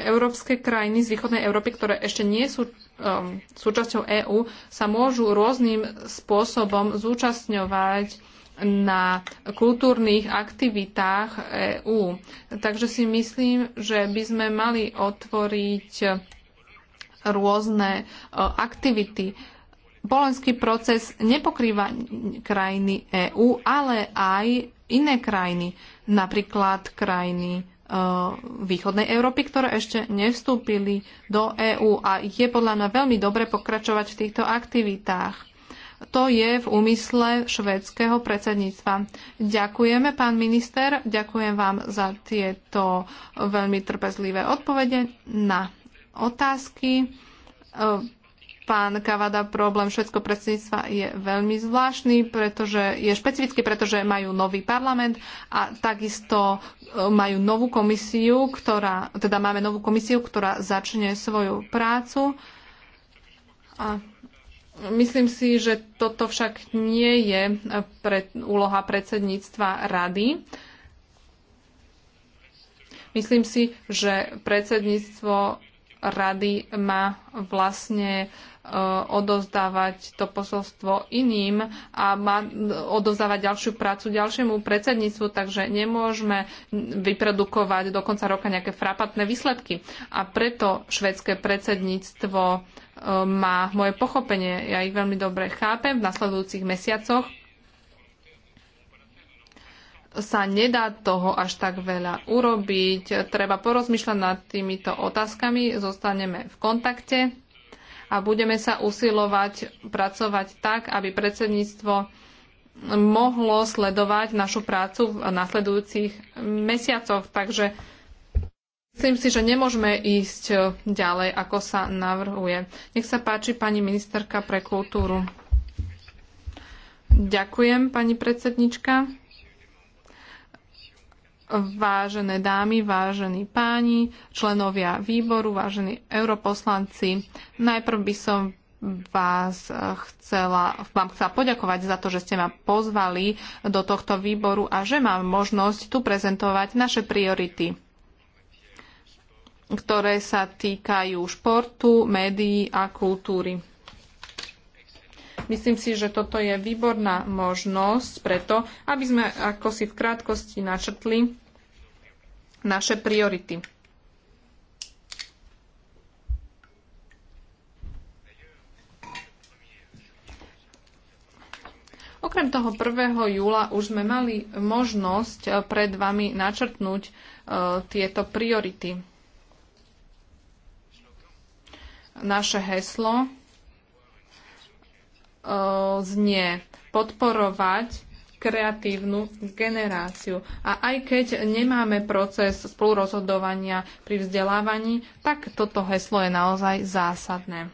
európske krajiny z východnej Európy, ktoré ešte nie sú um, súčasťou EÚ, sa môžu rôznym spôsobom zúčastňovať na kultúrnych aktivitách EÚ. Takže si myslím, že by sme mali otvoriť rôzne e, aktivity. Polenský proces nepokrýva krajiny EÚ, ale aj iné krajiny, napríklad krajiny e, východnej Európy, ktoré ešte nevstúpili do EÚ a je podľa mňa veľmi dobre pokračovať v týchto aktivitách. To je v úmysle švedského predsedníctva. Ďakujeme, pán minister, ďakujem vám za tieto veľmi trpezlivé odpovede na otázky. E, pán Kavada, problém švedského predsedníctva je veľmi zvláštny, pretože je špecifický, pretože majú nový parlament a takisto e, majú novú komisiu, ktorá, teda máme novú komisiu, ktorá začne svoju prácu. A Myslím si, že toto však nie je pre, úloha predsedníctva rady. Myslím si, že predsedníctvo rady má vlastne e, odozdávať to posolstvo iným a má odozdávať ďalšiu prácu ďalšiemu predsedníctvu, takže nemôžeme vyprodukovať do konca roka nejaké frapatné výsledky. A preto švedské predsedníctvo má moje pochopenie. Ja ich veľmi dobre chápem. V nasledujúcich mesiacoch sa nedá toho až tak veľa urobiť. Treba porozmýšľať nad týmito otázkami, zostaneme v kontakte a budeme sa usilovať pracovať tak, aby predsedníctvo mohlo sledovať našu prácu v nasledujúcich mesiacoch. Takže Myslím si, že nemôžeme ísť e, ďalej, ako sa navrhuje. Nech sa páči pani ministerka pre kultúru. Ďakujem, pani predsednička. Vážené dámy, vážení páni, členovia výboru, vážení europoslanci, najprv by som vás e, chcela, vám chcela poďakovať za to, že ste ma pozvali do tohto výboru a že mám možnosť tu prezentovať naše priority ktoré sa týkajú športu, médií a kultúry. Myslím si, že toto je výborná možnosť preto, aby sme ako si v krátkosti načrtli naše priority. Okrem toho 1. júla už sme mali možnosť pred vami načrtnúť e, tieto priority. Naše heslo e, znie podporovať kreatívnu generáciu. A aj keď nemáme proces spolurozhodovania pri vzdelávaní, tak toto heslo je naozaj zásadné.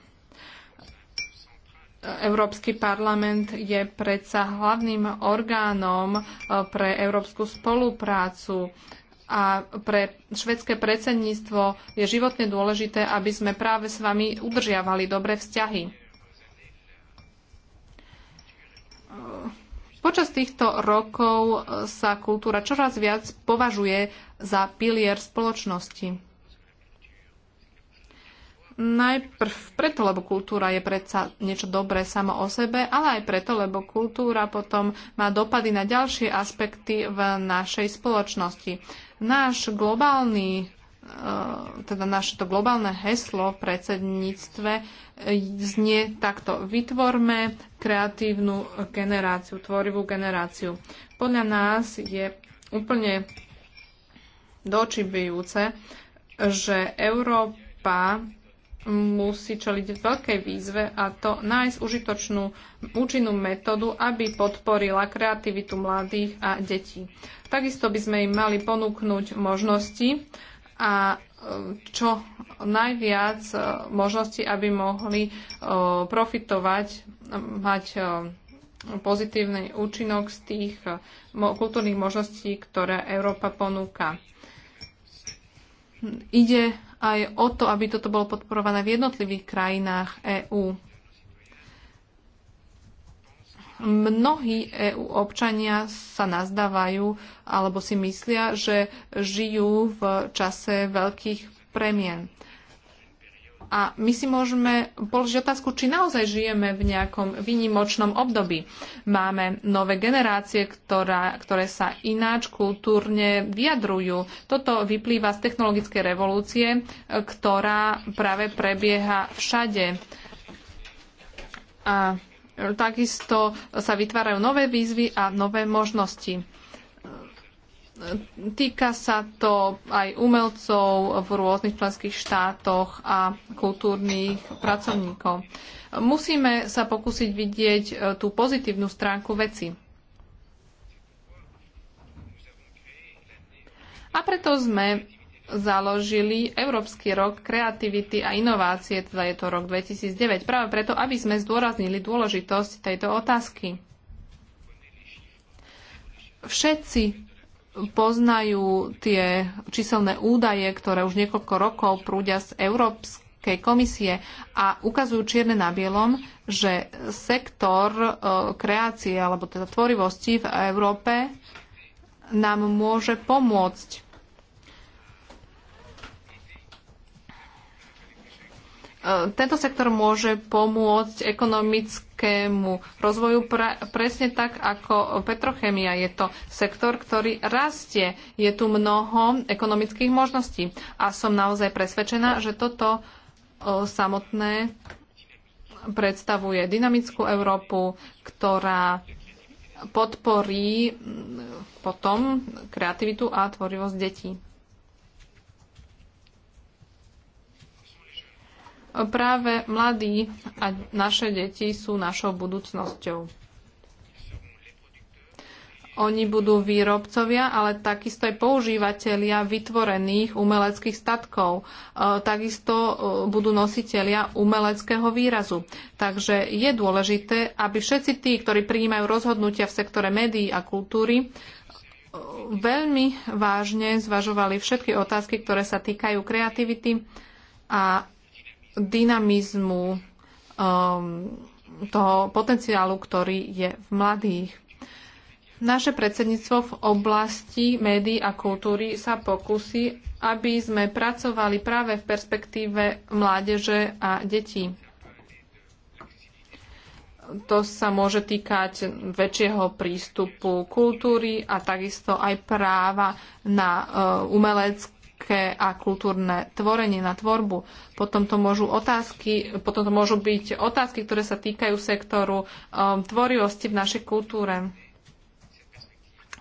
Európsky parlament je predsa hlavným orgánom e, pre európsku spoluprácu a pre švedské predsedníctvo je životne dôležité, aby sme práve s vami udržiavali dobré vzťahy. Počas týchto rokov sa kultúra čoraz viac považuje za pilier spoločnosti. Najprv preto, lebo kultúra je predsa niečo dobré samo o sebe, ale aj preto, lebo kultúra potom má dopady na ďalšie aspekty v našej spoločnosti. Náš globálny eh, teda naše to globálne heslo v predsedníctve eh, znie takto. Vytvorme kreatívnu generáciu, tvorivú generáciu. Podľa nás je úplne dočibujúce, že Európa musí čeliť veľkej výzve a to nájsť užitočnú účinnú metódu, aby podporila kreativitu mladých a detí. Takisto by sme im mali ponúknuť možnosti a e, čo najviac e, možností, aby mohli e, profitovať, mať pozitívny účinok z tých kultúrnych možností, ktoré Európa ponúka. Hm, ide aj o to, aby toto bolo podporované v jednotlivých krajinách EÚ. Mnohí EU občania sa nazdávajú alebo si myslia, že žijú v čase veľkých premien a my si môžeme položiť otázku, či naozaj žijeme v nejakom výnimočnom období. Máme nové generácie, ktorá, ktoré sa ináč kultúrne vyjadrujú. Toto vyplýva z technologickej revolúcie, ktorá práve prebieha všade. A takisto sa vytvárajú nové výzvy a nové možnosti. Týka sa to aj umelcov v rôznych členských štátoch a kultúrnych pracovníkov. Musíme sa pokúsiť vidieť e, tú pozitívnu stránku veci. A preto sme založili Európsky rok kreativity a inovácie, teda je to rok 2009, práve preto, aby sme zdôraznili dôležitosť tejto otázky. Všetci poznajú tie číselné údaje, ktoré už niekoľko rokov prúdia z Európskej komisie a ukazujú čierne na bielom, že sektor e, kreácie alebo teda tvorivosti v Európe nám môže pomôcť E, tento sektor môže pomôcť ekonomickému rozvoju pra, presne tak, ako petrochemia. Je to sektor, ktorý rastie. Je tu mnoho ekonomických možností. A som naozaj presvedčená, že toto e, samotné predstavuje dynamickú Európu, ktorá podporí potom kreativitu a tvorivosť detí. Práve mladí a naše deti sú našou budúcnosťou. Oni budú výrobcovia, ale takisto aj používateľia vytvorených umeleckých statkov. E, takisto e, budú nositeľia umeleckého výrazu. Takže je dôležité, aby všetci tí, ktorí prijímajú rozhodnutia v sektore médií a kultúry, e, veľmi vážne zvažovali všetky otázky, ktoré sa týkajú kreativity a dynamizmu, um, toho potenciálu, ktorý je v mladých. Naše predsedníctvo v oblasti médií a kultúry sa pokusí, aby sme pracovali práve v perspektíve mládeže a detí. To sa môže týkať väčšieho prístupu kultúry a takisto aj práva na uh, umelecké umelecké a kultúrne tvorenie na tvorbu. Potom to môžu, otázky, potom to môžu byť otázky, ktoré sa týkajú sektoru um, tvorivosti v našej kultúre.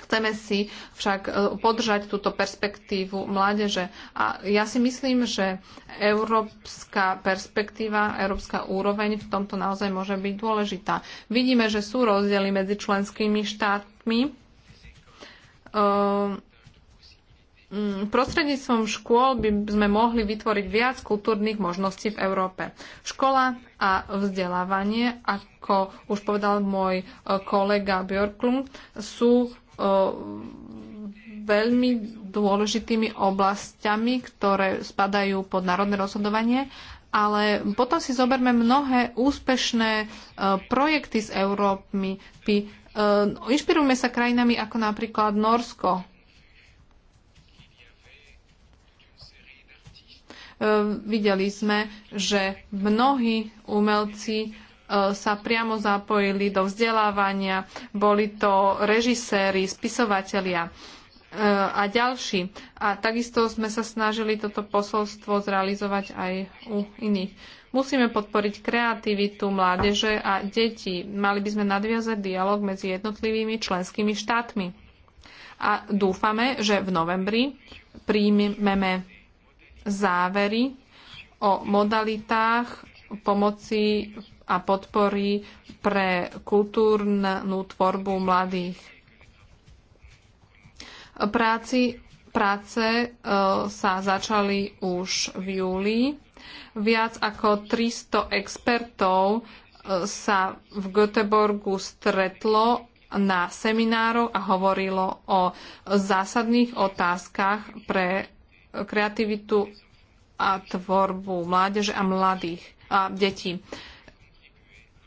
Chceme si však uh, podržať túto perspektívu mládeže. A ja si myslím, že európska perspektíva, európska úroveň v tomto naozaj môže byť dôležitá. Vidíme, že sú rozdiely medzi členskými štátmi. Um, Mm, prostredníctvom škôl by sme mohli vytvoriť viac kultúrnych možností v Európe. Škola a vzdelávanie, ako už povedal môj e, kolega Björklund, sú e, veľmi dôležitými oblastiami, ktoré spadajú pod národné rozhodovanie, ale potom si zoberme mnohé úspešné e, projekty z Európy. Inšpirujme sa krajinami ako napríklad Norsko, Ehm, videli sme, že mnohí umelci e, sa priamo zapojili do vzdelávania. Boli to režiséri, spisovatelia e, a ďalší. A takisto sme sa snažili toto posolstvo zrealizovať aj u iných. Musíme podporiť kreativitu mládeže a detí. Mali by sme nadviazať dialog medzi jednotlivými členskými štátmi. A dúfame, že v novembri príjmeme závery o modalitách pomoci a podpory pre kultúrnu tvorbu mladých. Práci, práce e, sa začali už v júli. Viac ako 300 expertov e, sa v Göteborgu stretlo na seminároch a hovorilo o zásadných otázkach pre kreativitu a tvorbu mládeže a mladých a detí.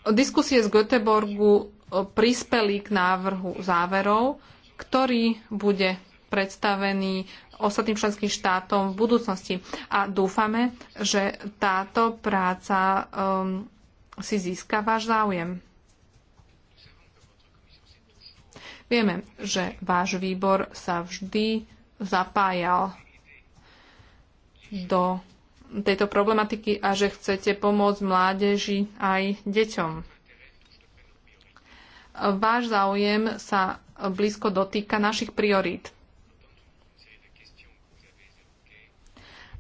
Diskusie z Göteborgu prispeli k návrhu záverov, ktorý bude predstavený ostatným členským štátom v budúcnosti. A dúfame, že táto práca um, si získa váš záujem. Vieme, že váš výbor sa vždy zapájal do tejto problematiky a že chcete pomôcť mládeži aj deťom. Váš záujem sa blízko dotýka našich priorít.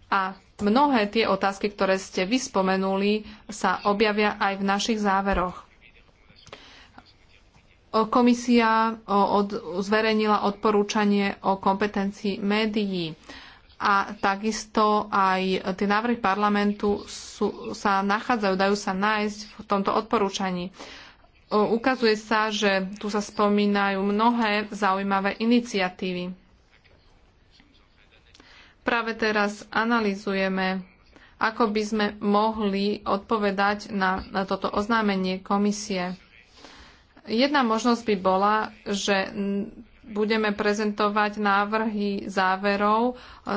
A mnohé tie otázky, ktoré ste vyspomenuli, sa objavia aj v našich záveroch. Komisia zverejnila odporúčanie o kompetencii médií a takisto aj tie návrhy parlamentu sú, sa nachádzajú, dajú sa nájsť v tomto odporúčaní. E, ukazuje sa, že tu sa spomínajú mnohé zaujímavé iniciatívy. Práve teraz analizujeme, ako by sme mohli odpovedať na, na toto oznámenie komisie. Jedna možnosť by bola, že budeme prezentovať návrhy záverov e,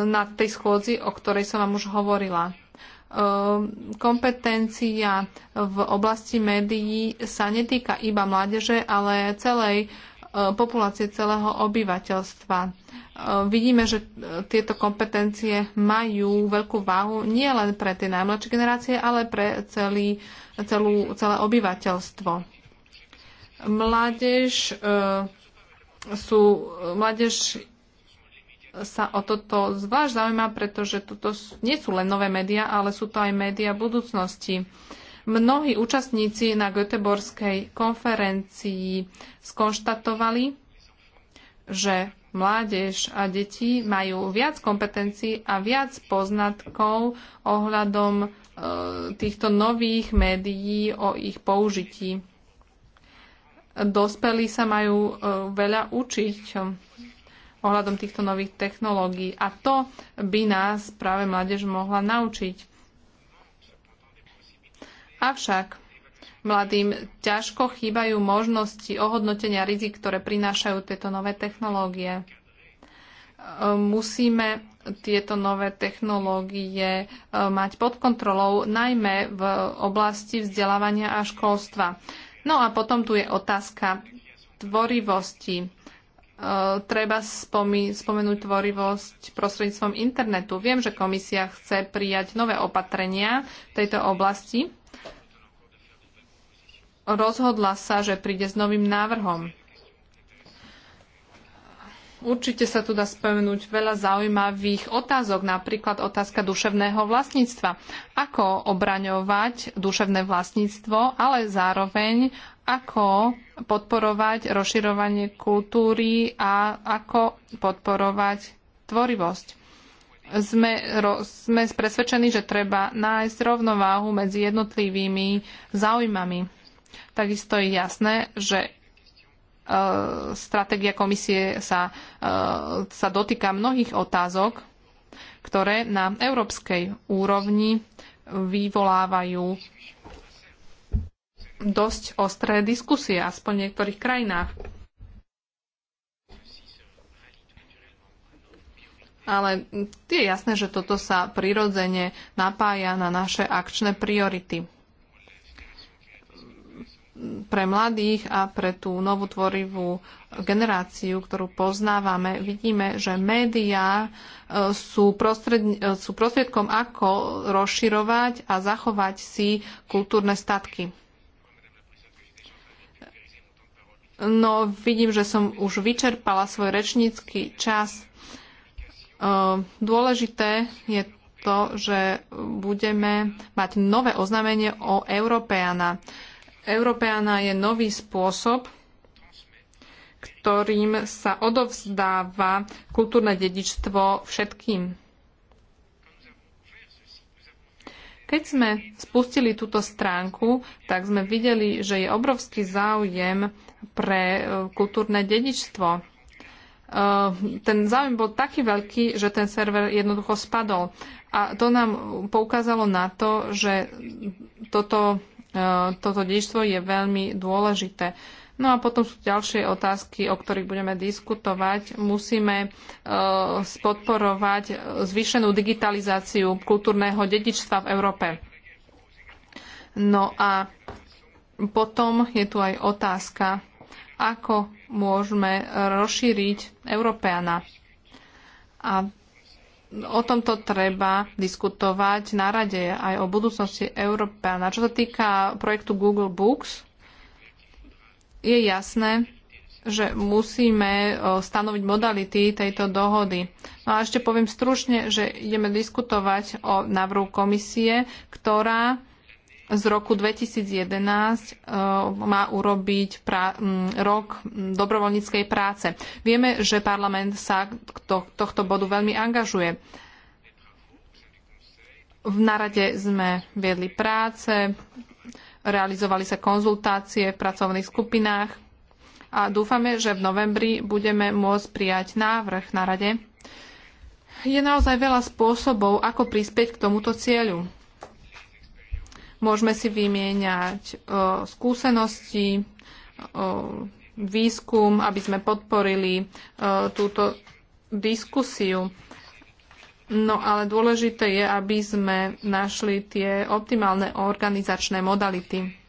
na tej schôdzi, o ktorej som vám už hovorila e, kompetencia v oblasti médií sa netýka iba mládeže, ale celej e, populácie celého obyvateľstva. Vidíme, že tieto kompetencie majú veľkú váhu nie len pre tie najmladšie generácie, ale pre celý, celú, celé obyvateľstvo. Mládež e sú mládež sa o toto zvlášť zaujíma, pretože toto nie sú len nové médiá, ale sú to aj médiá budúcnosti. Mnohí účastníci na Göteborskej konferencii skonštatovali, že mládež a deti majú viac kompetencií a viac poznatkov ohľadom e, týchto nových médií o ich použití dospelí sa majú e, veľa učiť e, ohľadom týchto nových technológií. A to by nás práve mládež mohla naučiť. Avšak mladým ťažko chýbajú možnosti ohodnotenia rizik, ktoré prinášajú tieto nové technológie. E, musíme tieto nové technológie mať pod kontrolou, najmä v oblasti vzdelávania a školstva. No a potom tu je otázka tvorivosti. E, treba spomí, spomenúť tvorivosť prostredníctvom internetu. Viem, že komisia chce prijať nové opatrenia v tejto oblasti. Rozhodla sa, že príde s novým návrhom. Určite sa tu dá spomenúť veľa zaujímavých otázok, napríklad otázka duševného vlastníctva. Ako obraňovať duševné vlastníctvo, ale zároveň ako podporovať rozširovanie kultúry a ako podporovať tvorivosť. Sme, ro, sme presvedčení, že treba nájsť rovnováhu medzi jednotlivými záujmami. Takisto je jasné, že E, stratégia komisie sa, e, sa dotýka mnohých otázok, ktoré na európskej úrovni vyvolávajú dosť ostré diskusie, aspoň v niektorých krajinách. Ale je jasné, že toto sa prirodzene napája na naše akčné priority pre mladých a pre tú novú tvorivú generáciu, ktorú poznávame, vidíme, že médiá e, sú, prostred, e, sú prostriedkom, ako rozširovať a zachovať si kultúrne statky. No, vidím, že som už vyčerpala svoj rečnícky čas. E, dôležité je to, že budeme mať nové oznámenie o Európeana. Európeana je nový spôsob, ktorým sa odovzdáva kultúrne dedičstvo všetkým. Keď sme spustili túto stránku, tak sme videli, že je obrovský záujem pre e, kultúrne dedičstvo. E, ten záujem bol taký veľký, že ten server jednoducho spadol. A to nám poukázalo na to, že toto E, toto dedičstvo je veľmi dôležité. No a potom sú ďalšie otázky, o ktorých budeme diskutovať. Musíme e, podporovať zvýšenú digitalizáciu kultúrneho dedičstva v Európe. No a potom je tu aj otázka, ako môžeme rozšíriť Európeana. A o tomto treba diskutovať na rade aj o budúcnosti Európe. A na čo sa týka projektu Google Books, je jasné, že musíme stanoviť modality tejto dohody. No a ešte poviem stručne, že ideme diskutovať o návrhu komisie, ktorá z roku 2011 e, má urobiť rok dobrovoľníckej práce. Vieme, že parlament sa k tohto bodu veľmi angažuje. V narade sme viedli práce, realizovali sa konzultácie v pracovných skupinách a dúfame, že v novembri budeme môcť prijať návrh na rade. Je naozaj veľa spôsobov, ako prispieť k tomuto cieľu. Môžeme si vymieňať skúsenosti, výskum, aby sme podporili túto diskusiu. No ale dôležité je, aby sme našli tie optimálne organizačné modality.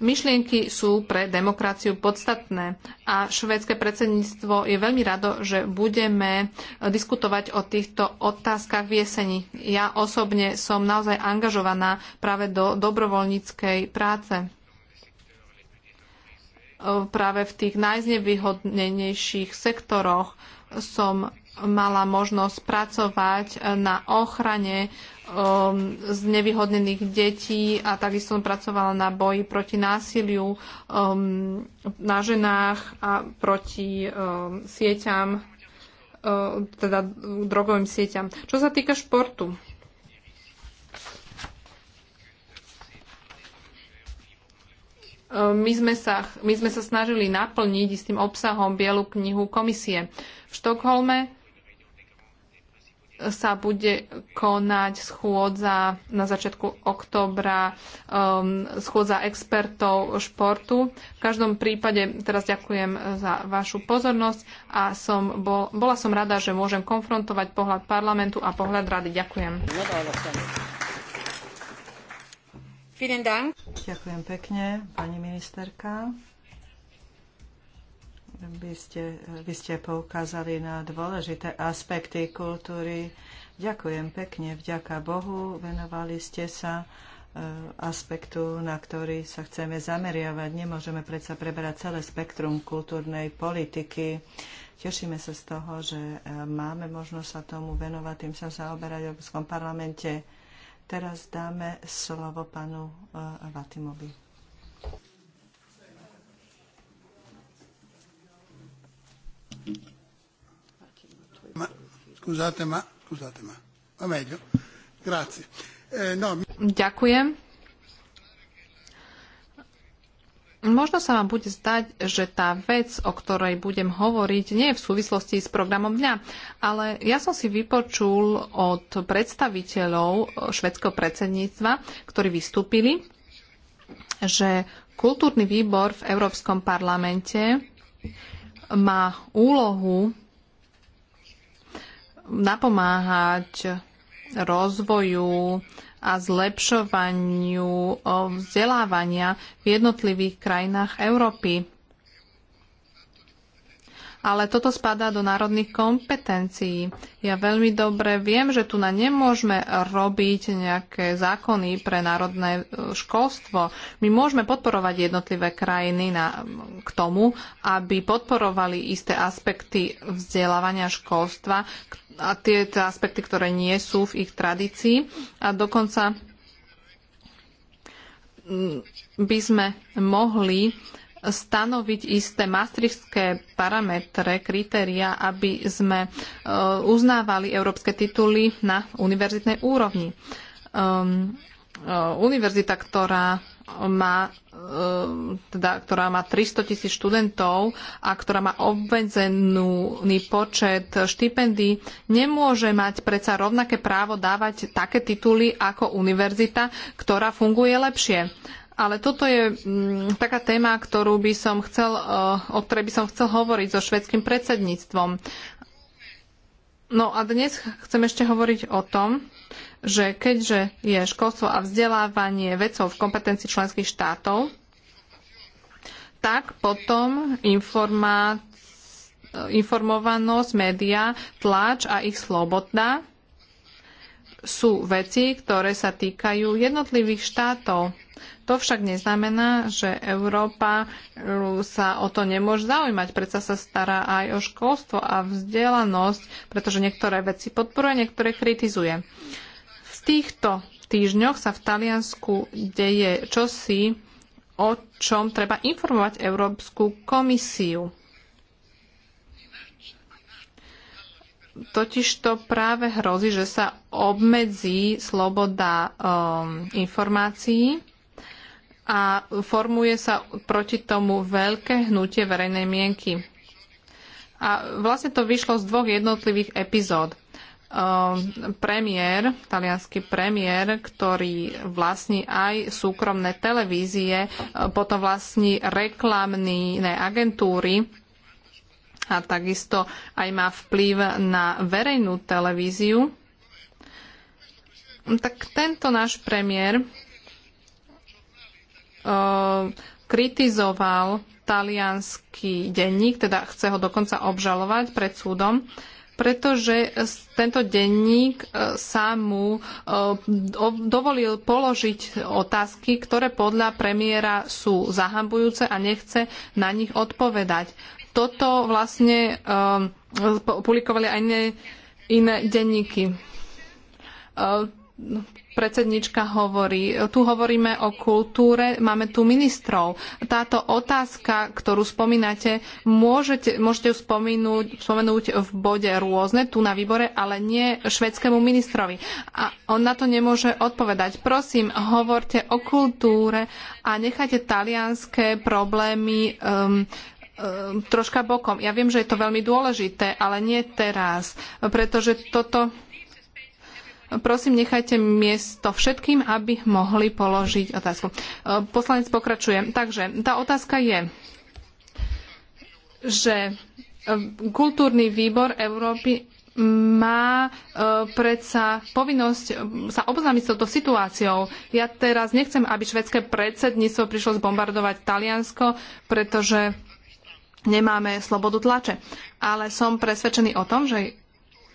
Myšlienky sú pre demokraciu podstatné a švédske predsedníctvo je veľmi rado, že budeme diskutovať o týchto otázkach v jeseni. Ja osobne som naozaj angažovaná práve do dobrovoľníckej práce práve v tých najznevýhodnenejších sektoroch som mala možnosť pracovať e, na ochrane um, znevýhodnených detí a takisto pracovala na boji proti násiliu e, na ženách a proti sieťam, teda drogovým sieťam. Čo sa týka športu, my sme, sa, my sme sa snažili naplniť istým obsahom Bielu knihu komisie. V Štokholme sa bude konať schôdza na začiatku októbra, um, schôdza expertov športu. V každom prípade teraz ďakujem za vašu pozornosť a som bol, bola som rada, že môžem konfrontovať pohľad parlamentu a pohľad rady. Ďakujem. Ďakujem pekne, pani ministerka by ste, by ste poukázali na dôležité aspekty kultúry. Ďakujem pekne, vďaka Bohu, venovali ste sa e, aspektu, na ktorý sa chceme zameriavať. Nemôžeme predsa preberať celé spektrum kultúrnej politiky. Tešíme sa z toho, že e, máme možnosť sa tomu venovať, tým sa zaoberať v Európskom parlamente. Teraz dáme slovo panu e, Vatimovi. Ma, scusate, ma, scusate, ma. Va meglio. Grazie. Eh, no. Ďakujem. Možno sa vám bude zdať, že tá vec, o ktorej budem hovoriť, nie je v súvislosti s programom dňa, ale ja som si vypočul od predstaviteľov švedského predsedníctva, ktorí vystúpili, že kultúrny výbor v Európskom parlamente má úlohu napomáhať rozvoju a zlepšovaniu vzdelávania v jednotlivých krajinách Európy ale toto spadá do národných kompetencií. Ja veľmi dobre viem, že tu na nemôžeme robiť nejaké zákony pre národné e, školstvo. My môžeme podporovať jednotlivé krajiny na, k tomu, aby podporovali isté aspekty vzdelávania školstva a tie aspekty, ktoré nie sú v ich tradícii a dokonca by sme mohli stanoviť isté maastrichtské parametre, kritéria, aby sme e, uznávali európske tituly na univerzitnej úrovni. Um, univerzita, ktorá má, e, teda, ktorá má 300 tisíc študentov a ktorá má obmedzený počet štipendí, nemôže mať predsa rovnaké právo dávať také tituly ako univerzita, ktorá funguje lepšie ale toto je m, mm, taká téma, ktorú by som chcel, e, o ktorej by som chcel hovoriť so švedským predsedníctvom. No a dnes chcem ešte hovoriť o tom, že keďže je školstvo a vzdelávanie vecov v kompetencii členských štátov, tak potom informá, informovanosť, média, tlač a ich sloboda sú veci, ktoré sa týkajú jednotlivých štátov to však neznamená, že Európa eh, sa o to nemôže zaujímať. Predsa sa stará aj o školstvo a vzdelanosť, pretože niektoré veci podporuje, niektoré kritizuje. V týchto týždňoch sa v Taliansku deje čosi, o čom treba informovať Európsku komisiu. Totiž to práve hrozí, že sa obmedzí sloboda um, informácií a formuje sa proti tomu veľké hnutie verejnej mienky. A vlastne to vyšlo z dvoch jednotlivých epizód. Ehm, premiér, talianský premiér, ktorý vlastní aj súkromné televízie, e, potom vlastní reklamné agentúry a takisto aj má vplyv na verejnú televíziu. Tak tento náš premiér Ehm, kritizoval talianský denník, teda chce ho dokonca obžalovať pred súdom, pretože tento denník e, sa mu e, dovolil položiť otázky, ktoré podľa premiéra sú zahambujúce a nechce na nich odpovedať. Toto vlastne ehm, e, publikovali aj iné denníky ehm, predsednička hovorí. Tu hovoríme o kultúre, máme tu ministrov. Táto otázka, ktorú spomínate, môžete, môžete ju spomenúť, spomenúť v bode rôzne, tu na výbore, ale nie švedskému ministrovi. A on na to nemôže odpovedať. Prosím, hovorte o kultúre a nechajte talianské problémy um, um, troška bokom. Ja viem, že je to veľmi dôležité, ale nie teraz, pretože toto Prosím, nechajte miesto všetkým, aby mohli položiť otázku. E, poslanec pokračuje. Takže tá otázka je, že e, kultúrny výbor Európy má e, predsa povinnosť e, sa oboznámiť s touto situáciou. Ja teraz nechcem, aby švedské predsedníctvo prišlo zbombardovať Taliansko, pretože nemáme slobodu tlače. Ale som presvedčený o tom, že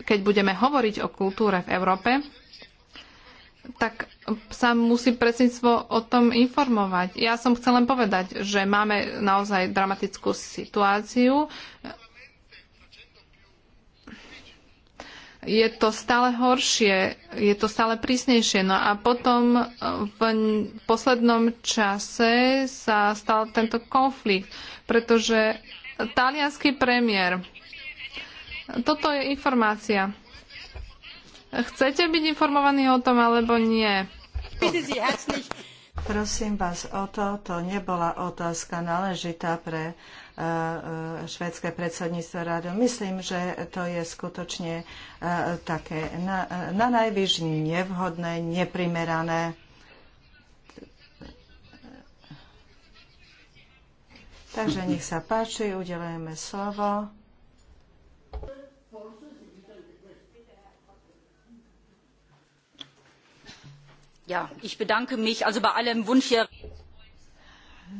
keď budeme hovoriť o kultúre v Európe, tak sa musí predsedníctvo o tom informovať. Ja som chcel len povedať, že máme naozaj dramatickú situáciu. Je to stále horšie, je to stále prísnejšie. No a potom v poslednom čase sa stal tento konflikt, pretože talianský premiér toto je informácia. Chcete byť informovaní o tom, alebo nie? Prosím vás o to, to nebola otázka náležitá pre e, e, švédske predsedníctvo rádu. Myslím, že to je skutočne e, také na, na najvyš nevhodné, neprimerané. Takže nech sa páči, udelujeme slovo. ich bedanke mich also bei allem Wunsch hier.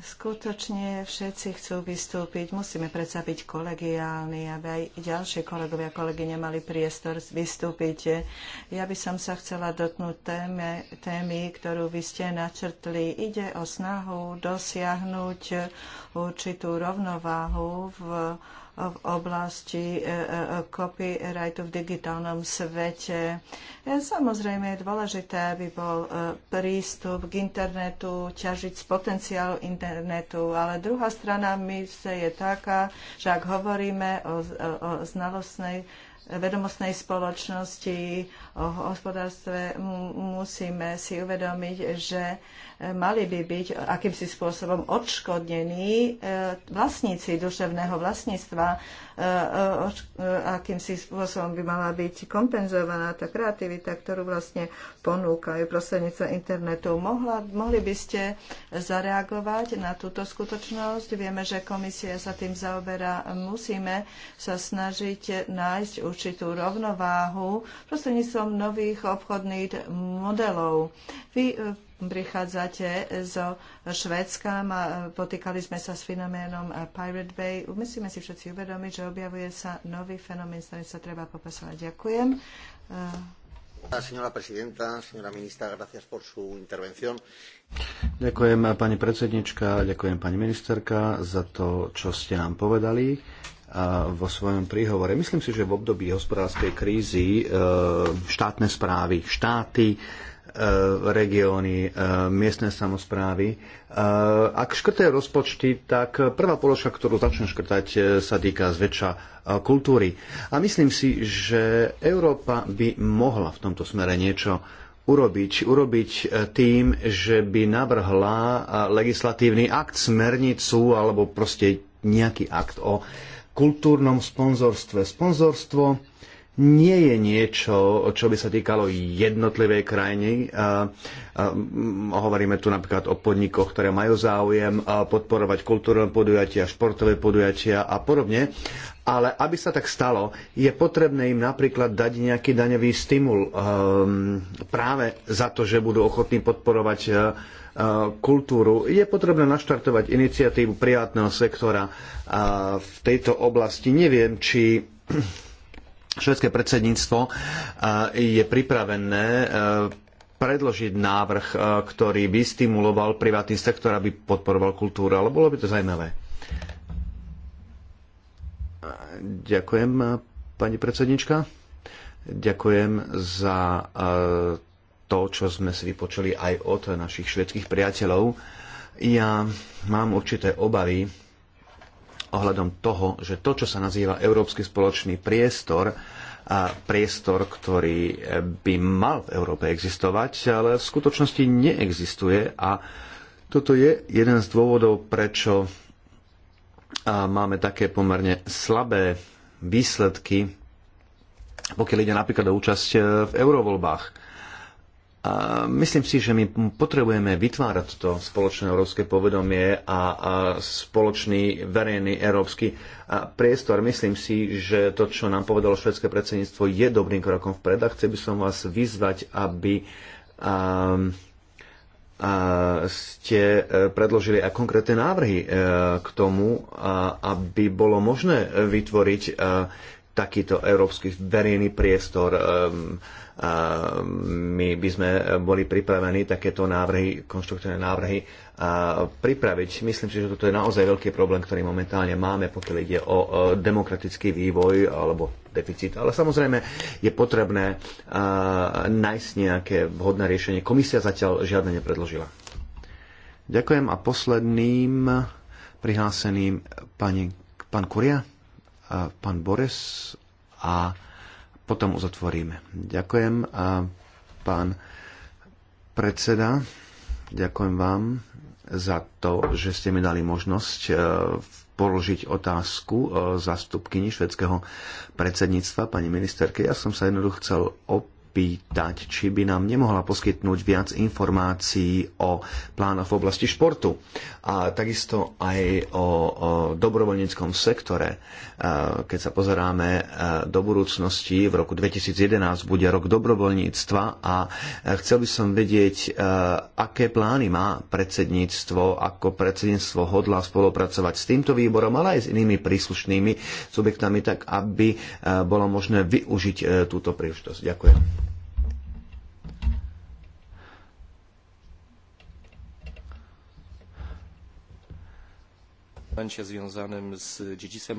Skutočne všetci chcú vystúpiť. Musíme predsa byť kolegiálni, aby aj ďalšie kolegovia a kolegyne mali priestor vystúpiť. Ja by som sa chcela dotknúť téme, témy, ktorú vy ste načrtli. Ide o snahu dosiahnuť určitú rovnováhu v v oblasti e, e, copyrightu v digitálnom svete. E, samozrejme je dôležité, aby bol prístup k internetu, ťažiť z potenciálu internetu, ale druhá strana mince je taká, že ak hovoríme o, o znalostnej vedomostnej spoločnosti, hospodárstve, musíme si uvedomiť, že e, mali by byť akýmsi spôsobom odškodnení e, vlastníci duševného vlastníctva, e, akýmsi spôsobom by mala byť kompenzovaná tá kreativita, ktorú vlastne ponúkajú prostrednice internetu. Mohla, mohli by ste zareagovať na túto skutočnosť? Vieme, že komisia sa tým zaoberá. Musíme sa snažiť nájsť určitú rovnováhu prostredníctvom výskumom nových obchodných modelov. Vy e, prichádzate zo Švédska, e, potýkali sme sa s fenoménom e, Pirate Bay. Musíme si všetci uvedomiť, že objavuje sa nový fenomén, s ktorým sa treba popasovať. Ďakujem. Señora presidenta, señora ministra, gracias por su intervención. Ďakujem pani predsednička, ďakujem pani ministerka za to, čo ste nám povedali vo svojom príhovore. Myslím si, že v období hospodárskej krízy e, štátne správy, štáty, e, regióny, e, miestne samozprávy. Ak škrtajú rozpočty, tak prvá položka, ktorú začne škrtať, sa týka zväčša kultúry. A myslím si, že Európa by mohla v tomto smere niečo urobiť. Urobiť tým, že by navrhla legislatívny akt, smernicu alebo proste nejaký akt o kultúrnom sponzorstve. Sponzorstvo nie je niečo, čo by sa týkalo jednotlivej krajiny. hovoríme tu napríklad o podnikoch, ktoré majú záujem podporovať kultúrne podujatia, športové podujatia a podobne. Ale aby sa tak stalo, je potrebné im napríklad dať nejaký daňový stimul práve za to, že budú ochotní podporovať kultúru. Je potrebné naštartovať iniciatívu privátneho sektora v tejto oblasti. Neviem, či švedské predsedníctvo je pripravené predložiť návrh, ktorý by stimuloval privátny sektor, aby podporoval kultúru, ale bolo by to zaujímavé. Ďakujem, pani predsednička. Ďakujem za to, čo sme si vypočuli aj od našich švedských priateľov. Ja mám určité obavy ohľadom toho, že to, čo sa nazýva Európsky spoločný priestor, a priestor, ktorý by mal v Európe existovať, ale v skutočnosti neexistuje a toto je jeden z dôvodov, prečo máme také pomerne slabé výsledky, pokiaľ ide napríklad o účasť e, v eurovoľbách a myslím si, že my potrebujeme vytvárať to spoločné európske povedomie a, a spoločný verejný európsky priestor. Myslím si, že to, čo nám povedalo švedské predsedníctvo, je dobrým krokom vpred a chcel by som vás vyzvať, aby a, um, a ste e, predložili aj konkrétne návrhy e, k tomu, aby bolo možné vytvoriť e, takýto európsky verejný priestor my by sme boli pripravení takéto návrhy, konštruktívne návrhy pripraviť. Myslím si, že toto je naozaj veľký problém, ktorý momentálne máme, pokiaľ ide o e, demokratický vývoj alebo deficit. Ale samozrejme je potrebné e, nájsť nejaké vhodné riešenie. Komisia zatiaľ žiadne nepredložila. Ďakujem a posledným prihláseným pani, pán Kuria, pán Boris a potom uzatvoríme. Ďakujem a pán predseda, ďakujem vám za to, že ste mi dali možnosť e, položiť otázku e, zastupkyni švedského predsedníctva, pani ministerke. Ja som sa jednoducho chcel opýtať, opýtať, či by nám nemohla poskytnúť viac informácií o plánoch v oblasti športu a takisto aj o, o dobrovoľníckom sektore. E, keď sa pozeráme e, do budúcnosti, v roku 2011 bude rok dobrovoľníctva a e, chcel by som vedieť, aké plány má predsedníctvo, ako predsedníctvo hodlá spolupracovať s týmto výborom, ale aj s inými príslušnými subjektami, tak aby bolo možné využiť túto príležitosť. Ďakujem. związanym z dziedzictwem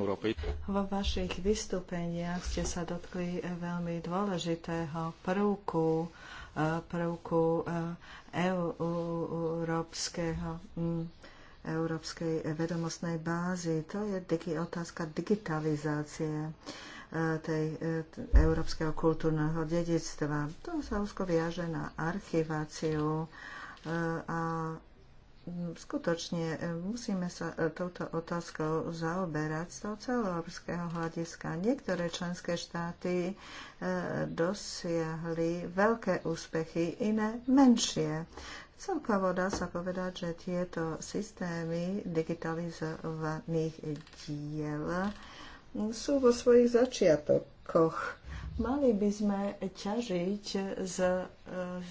Vo vašich vystúpeniach ste sa dotkli e, veľmi dôležitého prvku, e, prvku e, európskeho európskej vedomostnej bázy. To je digi- otázka digitalizácie tej európskeho kultúrneho dedictva. To sa úzko viaže na archiváciu a skutočne e, musíme sa e, touto otázkou zaoberať z toho celoeurópskeho hľadiska. Niektoré členské štáty e, dosiahli veľké úspechy, iné menšie. Celkovo dá sa povedať, že tieto systémy digitalizovaných diel sú vo svojich začiatokoch. Mali by sme ťažiť z e,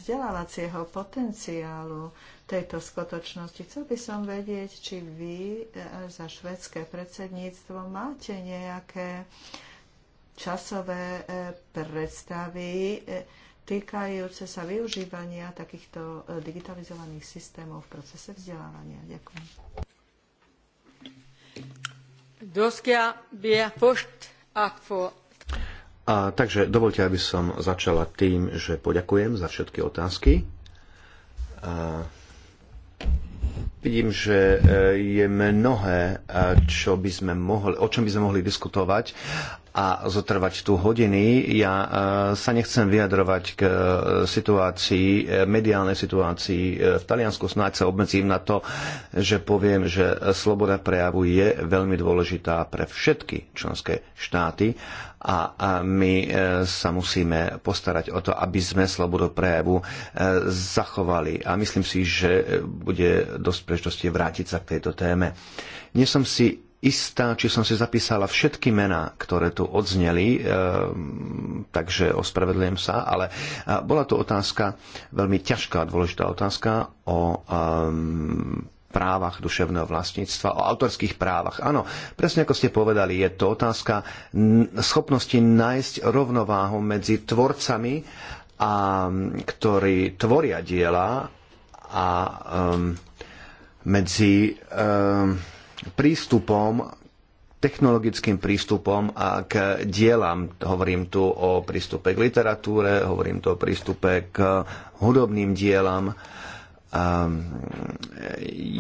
vzdelávacieho potenciálu tejto skutočnosti. Chcel by som vedieť, či vy e, za švedské predsedníctvo máte nejaké časové e, predstavy týkajúce sa využívania takýchto digitalizovaných systémov v procese vzdelávania. Ďakujem. Dosť ja, a, takže dovolte, aby som začala tým, že poďakujem za všetky otázky. A, vidím, že e, je mnohé, čo by sme mohli, o čom by sme mohli diskutovať a zotrvať tu hodiny. Ja e, sa nechcem vyjadrovať k e, situácii, e, mediálnej situácii v Taliansku. Snáď sa obmedzím na to, že poviem, že sloboda prejavu je veľmi dôležitá pre všetky členské štáty a my sa musíme postarať o to, aby sme slobodu prejavu zachovali. A myslím si, že bude dosť príležitosti vrátiť sa k tejto téme. Nie som si istá, či som si zapísala všetky mená, ktoré tu odzneli, eh, takže ospravedlňujem sa, ale eh, bola to otázka, veľmi ťažká a dôležitá otázka o ehm, právach duševného vlastníctva, o autorských právach. Áno, presne ako ste povedali, je to otázka schopnosti nájsť rovnováhu medzi tvorcami, a, ktorí tvoria diela a e, medzi E, prístupom technologickým prístupom a k dielam. Hovorím tu o prístupe k literatúre, hovorím tu o prístupe k hudobným dielam. Ehm,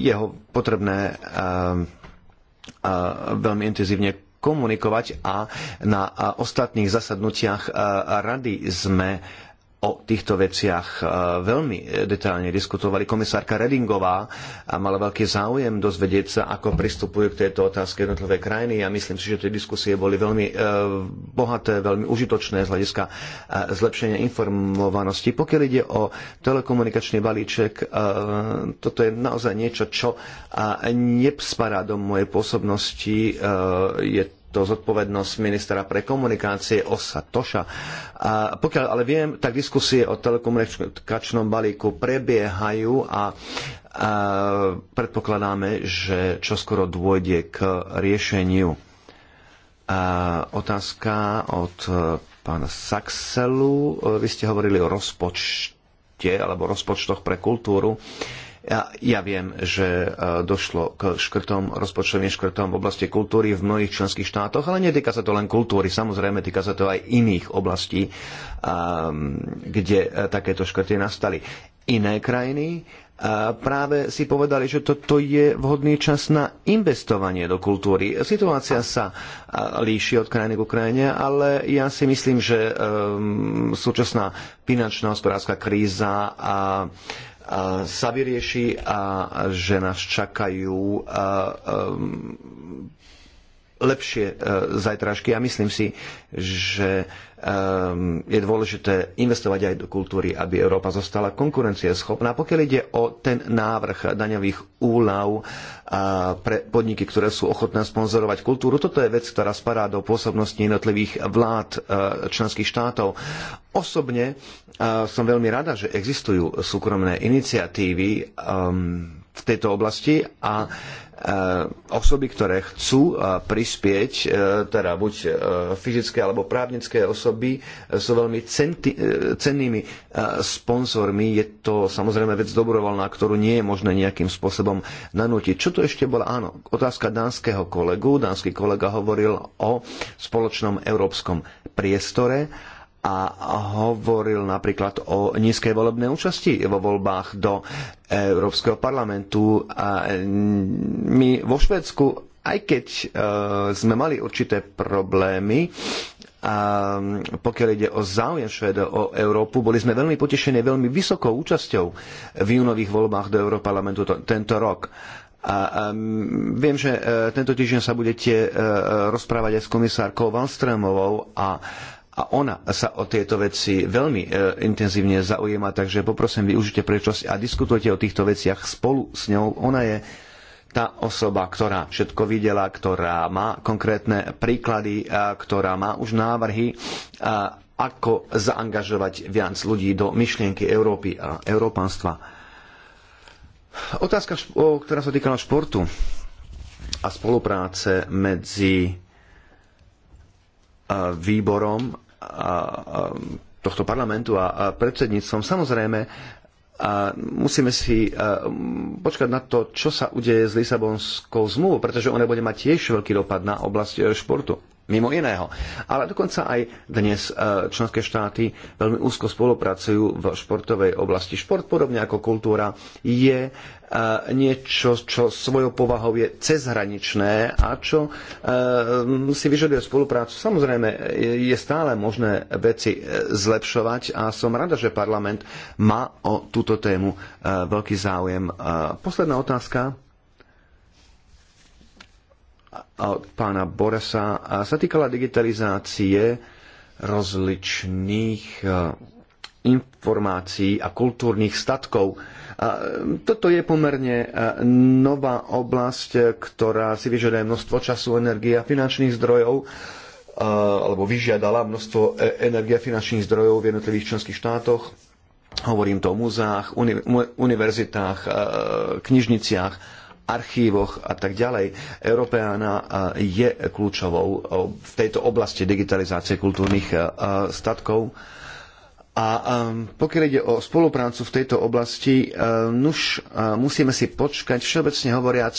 je ho potrebné ehm, veľmi intenzívne komunikovať a na ostatných zasadnutiach rady sme o týchto veciach e, veľmi e, detailne diskutovali. Komisárka Redingová mala veľký záujem dozvedieť sa, ako pristupujú k tejto otázke jednotlivé krajiny. Ja myslím si, že tie diskusie boli veľmi e, bohaté, veľmi užitočné z hľadiska zlepšenia informovanosti. Pokiaľ ide o telekomunikačný balíček, toto je naozaj niečo, čo nespadá do mojej pôsobnosti. Je to zodpovednosť ministra pre komunikácie Osa Toša. A pokiaľ ale viem, tak diskusie o telekomunikačnom balíku prebiehajú a, a predpokladáme, že čoskoro dôjde k riešeniu. A otázka od e, pána Saxelu. E, vy ste hovorili o rozpočte alebo rozpočtoch pre kultúru. Uh, ja, ja viem, že e, došlo k škrtom, rozpočtovým škrtom v oblasti kultúry v mnohých členských štátoch, ale netýka sa to len kultúry, samozrejme týka sa to aj iných oblastí, e, kde e, takéto škrty nastali. Iné krajiny práve si povedali, že toto je vhodný čas na investovanie do kultúry. Situácia sa líši od krajiny k krajine, ale ja si myslím, že súčasná finančná hospodárska kríza a sa vyrieši a že nás čakajú lepšie e, zajtrašky a myslím si, že ehm, je dôležité investovať aj do kultúry, aby Európa zostala konkurencieschopná. Pokiaľ ide o ten návrh daňových úľav e, pre podniky, ktoré sú ochotné sponzorovať kultúru, toto je vec, ktorá spadá do pôsobnosti jednotlivých vlád e, členských štátov. Osobne som veľmi rada, že existujú súkromné iniciatívy ehm, v tejto oblasti a E, osoby, ktoré chcú e, prispieť, e, teda buď fyzické alebo právnické osoby, sú veľmi centi- cennými sponzormi. Je to samozrejme vec dobrovoľná, ktorú nie je možné nejakým spôsobom nanútiť. Čo to ešte bola? Áno, otázka dánskeho kolegu. Dánsky kolega hovoril o spoločnom európskom priestore a hovoril napríklad o nízkej volebnej účasti vo voľbách do Európskeho parlamentu. A my vo Švedsku, aj keď e, sme mali určité problémy, a e, pokiaľ ide o záujem Švedov o Európu, boli sme veľmi potešení veľmi vysokou účasťou v júnových voľbách do Európarlamentu tento rok. A, viem, že e, tento týždeň sa budete rozprávať aj s komisárkou Wallströmovou a a ona sa o tieto veci veľmi e, intenzívne zaujíma, takže poprosím, využite prečosť a diskutujte o týchto veciach spolu s ňou. Ona je tá osoba, ktorá všetko videla, ktorá má konkrétne príklady, a ktorá má už návrhy, a ako zaangažovať viac ľudí do myšlienky Európy a európanstva. Otázka, ktorá sa týkala športu a spolupráce medzi e, výborom tohto parlamentu a predsedníctvom. Samozrejme, a musíme si počkať na to, čo sa udeje s Lisabonskou zmluvou, pretože ona bude mať tiež veľký dopad na oblasť e, športu mimo iného. Ale dokonca aj dnes e, členské štáty veľmi úzko spolupracujú v športovej oblasti. Šport, podobne ako kultúra, je e, niečo, čo svojou povahou je cezhraničné a čo e, si vyžaduje spoluprácu. Samozrejme, je stále možné veci zlepšovať a som rada, že parlament má o túto tému veľký záujem. Posledná otázka od pána Borasa a sa týkala digitalizácie rozličných e, informácií a kultúrnych statkov. A e, toto je pomerne e, nová oblasť, ktorá si vyžaduje množstvo času, energie a finančných zdrojov alebo vyžiadala množstvo energie a finančných zdrojov v jednotlivých členských štátoch. Hovorím to o múzeách, univerzitách, knižniciach archívoch a tak ďalej. Európeána je kľúčovou v tejto oblasti digitalizácie kultúrnych statkov. A pokiaľ ide o spoluprácu v tejto oblasti, nuž musíme si počkať, všeobecne hovoriac,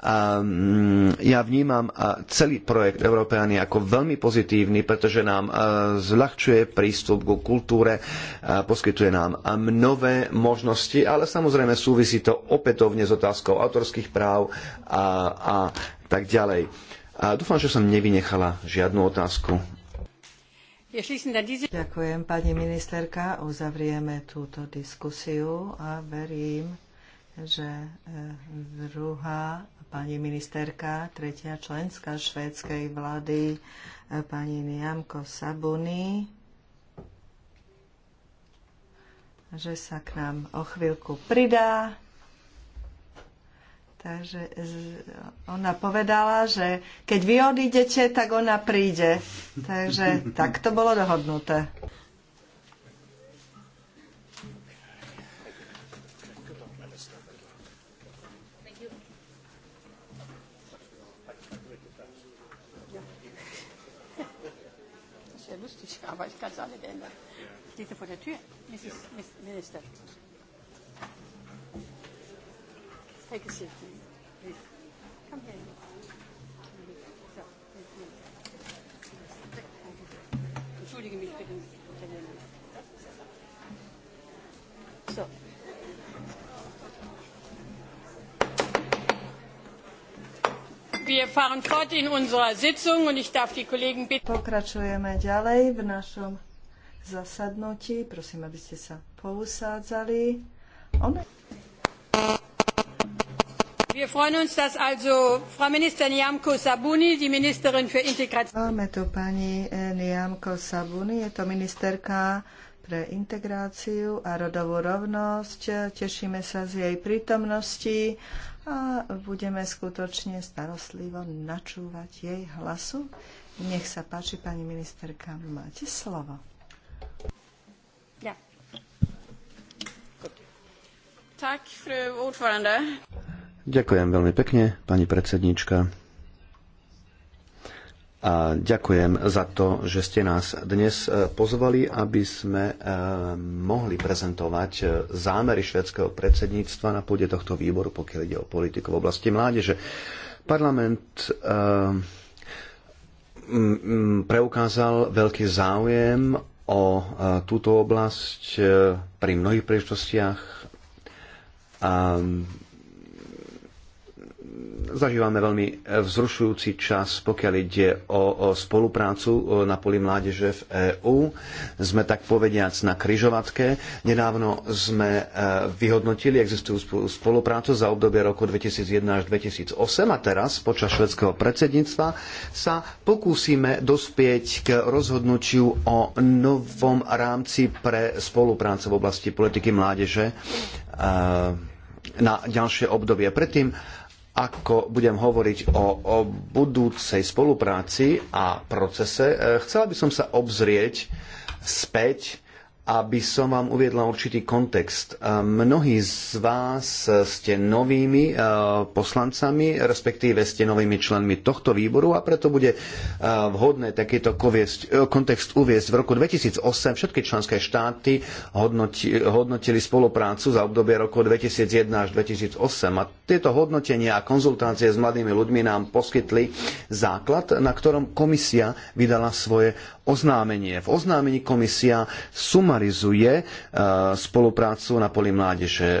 a mm, ja vnímam celý projekt Európeany ako veľmi pozitívny, pretože nám zľahčuje prístup ku kultúre, poskytuje nám nové možnosti, ale samozrejme súvisí to opätovne s otázkou autorských práv a, a tak ďalej. A dúfam, že som nevynechala žiadnu otázku. Ďakujem, pani ministerka. Uzavrieme túto diskusiu a verím, že e, druhá pani ministerka, tretia členská švédskej vlády, eh, pani Niamko Sabuni, že sa k nám o chvíľku pridá. Takže ona povedala, že keď vy odídete, tak ona príde. Takže tak to bolo dohodnuté. aber ich kann es auch nicht ändern. Ich stehe vor der Tür, Mrs. Miss Minister. Take a seat, please. Come here. Pokračujeme ďalej v našom zasadnutí. Prosím, aby ste sa pousádzali. Wir freuen uns, dass also Frau Niamko Sabuni, die Ministerin für Integration... Máme tu pani eh, Niamko Sabuni, je to ministerka pre integráciu a rodovú rovnosť. Tešíme sa z jej prítomnosti a budeme skutočne starostlivo načúvať jej hlasu. Nech sa páči, pani ministerka, máte slovo. Ja. Tak, fru Ďakujem veľmi pekne, pani predsednička, a ďakujem za to, že ste nás dnes e, pozvali, aby sme e, mohli prezentovať e, zámery švedského predsedníctva na pôde tohto výboru, pokiaľ ide o politiku v oblasti mládeže. Parlament preukázal veľký záujem o túto oblasť pri mnohých príležitostiach a Zažívame veľmi vzrušujúci čas, pokiaľ ide o, o spoluprácu e, na poli mládeže v EÚ. Sme tak povediac na kryžovatke. Nedávno sme e, vyhodnotili existujú spoluprácu za obdobie roku 2001 až 2008 a teraz počas švedského predsedníctva sa pokúsime dospieť k rozhodnutiu o novom rámci pre spoluprácu v oblasti politiky mládeže e, na ďalšie obdobie. Predtým ako budem hovoriť o, o budúcej spolupráci a procese, eh, chcela by som sa obzrieť späť aby som vám uviedla určitý kontext. Mnohí z vás ste novými poslancami, respektíve ste novými členmi tohto výboru a preto bude vhodné takýto e, kontext uviezť. V roku 2008 všetky členské štáty hodnotili spoluprácu za obdobie rokov 2001 až 2008 a tieto hodnotenia a konzultácie s mladými ľuďmi nám poskytli základ, na ktorom komisia vydala svoje oznámenie. V oznámení komisia sumarizuje e, spoluprácu na poli mládeže e,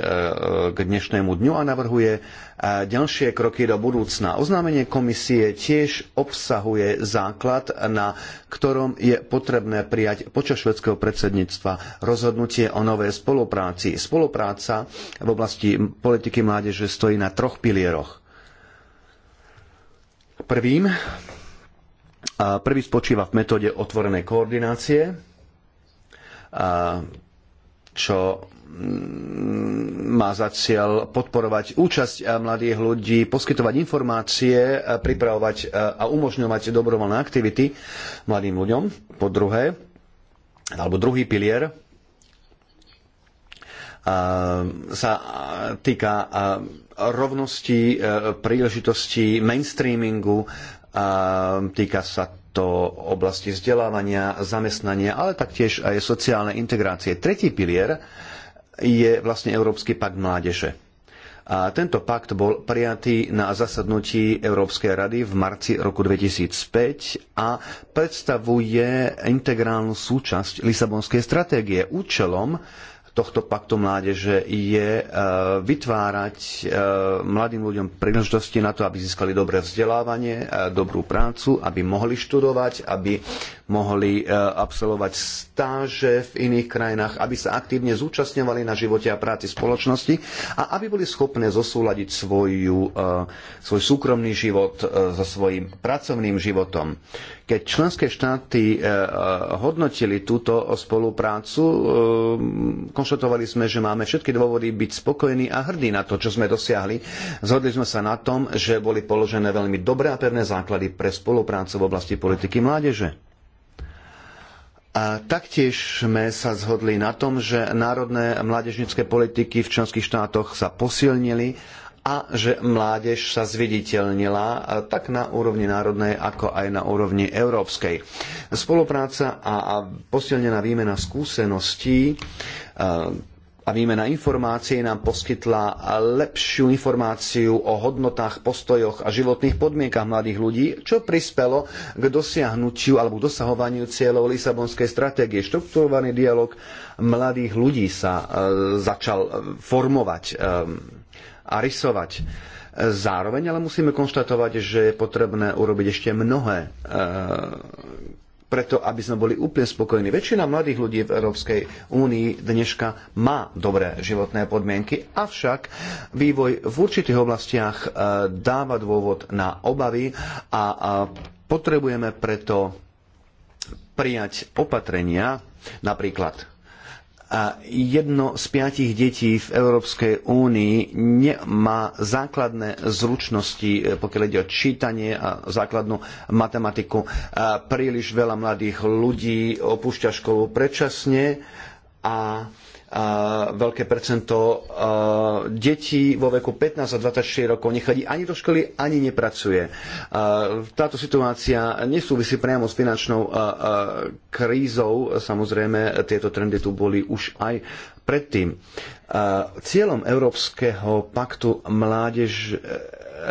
k dnešnému dňu a navrhuje e, ďalšie kroky do budúcna. Oznámenie komisie tiež obsahuje základ, na ktorom je potrebné prijať počas švedského predsedníctva rozhodnutie o novej spolupráci. Spolupráca v oblasti politiky mládeže stojí na troch pilieroch. Prvým a prvý spočíva v metóde otvorenej koordinácie, a čo mm, má za cieľ podporovať účasť eh, mladých ľudí, poskytovať informácie, eh, pripravovať eh, a umožňovať dobrovoľné aktivity mladým ľuďom. Po druhé, alebo druhý pilier sa týka rovnosti príležitostí mainstreamingu a týka sa to oblasti vzdelávania, zamestnania, ale taktiež aj sociálnej integrácie. Tretí pilier je vlastne Európsky pakt mládeže. A tento pakt bol prijatý na zasadnutí Európskej rady v marci roku 2005 a predstavuje integrálnu súčasť Lisabonskej stratégie. Účelom tohto paktu mládeže je e, vytvárať e, mladým ľuďom príležitosti na to, aby získali dobré vzdelávanie, e, dobrú prácu, aby mohli študovať, aby mohli e, absolvovať stáže v iných krajinách, aby sa aktívne zúčastňovali na živote a práci spoločnosti a aby boli schopné zosúľadiť svoju, e, svoj súkromný život e, so svojím pracovným životom. Keď členské štáty hodnotili túto spoluprácu, konštatovali sme, že máme všetky dôvody byť spokojní a hrdí na to, čo sme dosiahli. Zhodli sme sa na tom, že boli položené veľmi dobré a pevné základy pre spoluprácu v oblasti politiky mládeže. A taktiež sme sa zhodli na tom, že národné mládežnické politiky v členských štátoch sa posilnili a že mládež sa zviditeľnila tak na úrovni národnej, ako aj na úrovni európskej. Spolupráca a posilnená výmena skúseností a výmena informácií nám poskytla lepšiu informáciu o hodnotách, postojoch a životných podmienkach mladých ľudí, čo prispelo k dosiahnutiu alebo dosahovaniu cieľov Lisabonskej stratégie. Štrukturovaný dialog mladých ľudí sa e, začal e, formovať e, a rysovať. Zároveň ale musíme konštatovať, že je potrebné urobiť ešte mnohé preto, aby sme boli úplne spokojní. Väčšina mladých ľudí v Európskej únii dneška má dobré životné podmienky, avšak vývoj v určitých oblastiach e, dáva dôvod na obavy a potrebujeme preto prijať opatrenia, napríklad a jedno z piatich detí v Európskej únii nemá základné zručnosti, e, pokiaľ ide o čítanie a základnú matematiku. A príliš veľa mladých ľudí opúšťa školu predčasne a veľké percento detí vo veku 15 a 24 rokov nechodí ani do školy, ani nepracuje. Táto situácia nesúvisí priamo s finančnou krízou. Samozrejme, tieto trendy tu boli už aj predtým. Cieľom Európskeho paktu mládež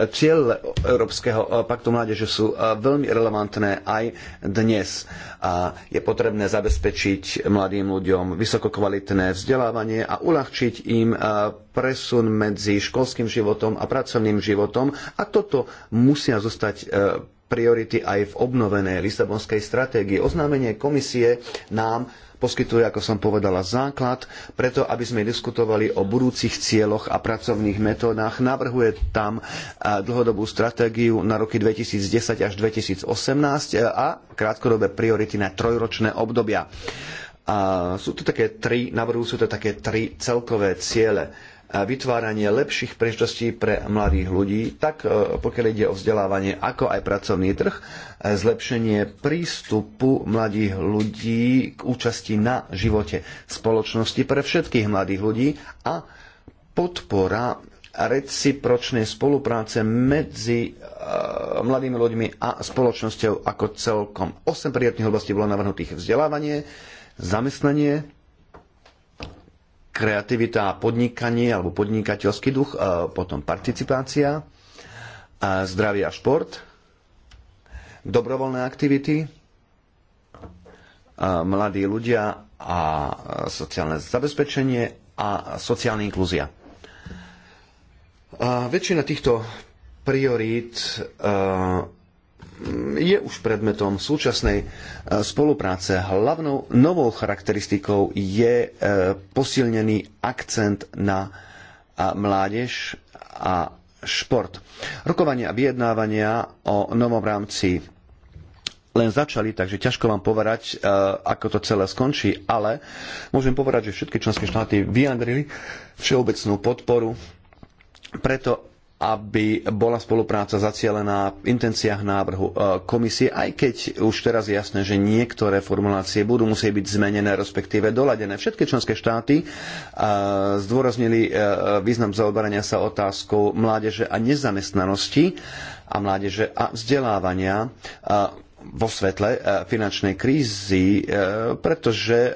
cieľ Európskeho eh, paktu mládeže sú eh, veľmi relevantné aj dnes. A je potrebné zabezpečiť mladým ľuďom vysokokvalitné vzdelávanie a uľahčiť im eh, presun medzi školským životom a pracovným životom. A toto musia zostať priority aj v obnovenej Lisabonskej stratégii. Oznámenie komisie nám poskytuje, ako som povedala, základ. Preto, aby sme diskutovali o budúcich cieľoch a pracovných metódach, navrhuje tam e, dlhodobú stratégiu na roky 2010 až 2018 e, a krátkodobé priority na trojročné obdobia. A sú to také tri, navrhujú sú to také tri celkové ciele vytváranie lepších príležitostí pre mladých ľudí, tak e, pokiaľ ide o vzdelávanie, ako aj pracovný trh, e, zlepšenie prístupu mladých ľudí k účasti na živote spoločnosti pre všetkých mladých ľudí a podpora recipročnej spolupráce medzi e, mladými ľuďmi a spoločnosťou ako celkom. 8 prioritných oblastí bolo navrhnutých vzdelávanie, zamestnanie, kreativita a podnikanie alebo podnikateľský duch, potom participácia, zdravie a šport, dobrovoľné aktivity, mladí ľudia a sociálne zabezpečenie a sociálna inklúzia. A väčšina týchto priorít je už predmetom súčasnej e, spolupráce. Hlavnou novou charakteristikou je e, posilnený akcent na mládež a šport. Rokovania a vyjednávania o novom rámci len začali, takže ťažko vám povedať, e, ako to celé skončí, ale môžem povedať, že všetky členské štáty vyjadrili všeobecnú podporu preto, aby bola spolupráca zacielená v intenciách návrhu e, komisie, aj keď už teraz je jasné, že niektoré formulácie budú musieť byť zmenené, respektíve doladené. Všetky členské štáty e, zdôraznili e, význam zaoberania sa otázkou mládeže a nezamestnanosti a mládeže a vzdelávania vo svetle e, finančnej krízy, e, pretože e,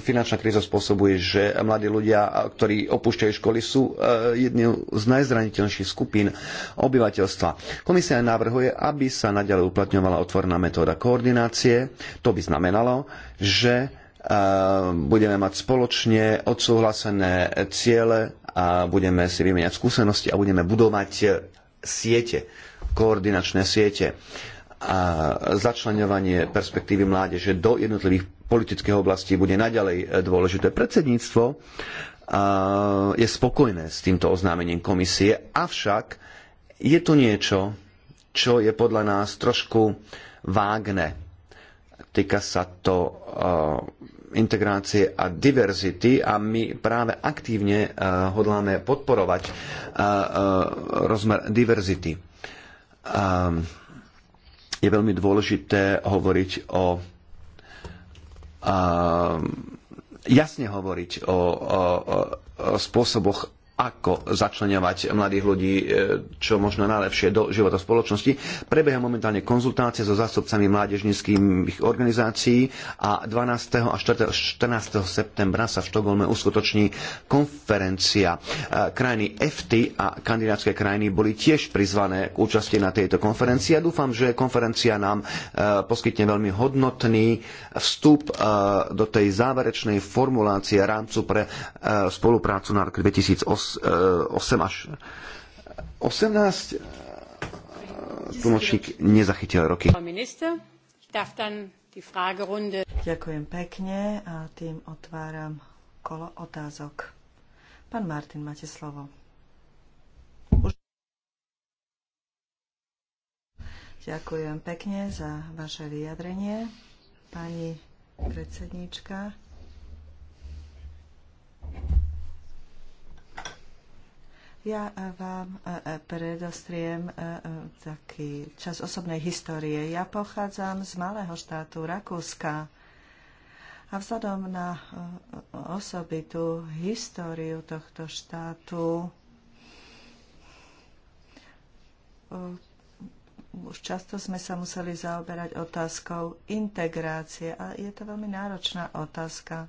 finančná kríza spôsobuje, že mladí ľudia, ktorí opúšťajú školy, sú jednou z najzraniteľnejších skupín obyvateľstva. Komisia navrhuje, aby sa naďalej uplatňovala otvorená metóda koordinácie. To by znamenalo, že budeme mať spoločne odsúhlasené ciele a budeme si vymeniať skúsenosti a budeme budovať siete, koordinačné siete a začlenovanie perspektívy mládeže do jednotlivých politických oblastí bude naďalej e, dôležité. Predsedníctvo e, je spokojné s týmto oznámením komisie, avšak je tu niečo, čo je podľa nás trošku vágne. Týka sa to e, integrácie a diverzity a my práve aktívne hodláme podporovať rozmer diverzity. Um, je veľmi dôležité hovoriť o a, jasne hovoriť o, o, o spôsoboch, ako začlenovať mladých ľudí e, čo možno najlepšie do života spoločnosti. Prebieha momentálne konzultácie so zástupcami mládežníckých organizácií a 12. a 14. septembra sa v Štokholme uskutoční konferencia. E, krajiny FT a kandidátske krajiny boli tiež prizvané k účasti na tejto konferencii a dúfam, že konferencia nám e, poskytne veľmi hodnotný vstup do tej záverečnej formulácie rámcu pre spoluprácu na rok 2008 8 až 18 e, tlmočník nezachytil roky. Ďakujem pekne a tým otváram kolo otázok. Pán Martin, máte slovo. Už... Ďakujem pekne za vaše vyjadrenie, pani predsedníčka. Ja vám predostriem taký čas osobnej histórie. Ja pochádzam z malého štátu Rakúska a vzhľadom na osobitú históriu tohto štátu už často sme sa museli zaoberať otázkou integrácie a je to veľmi náročná otázka.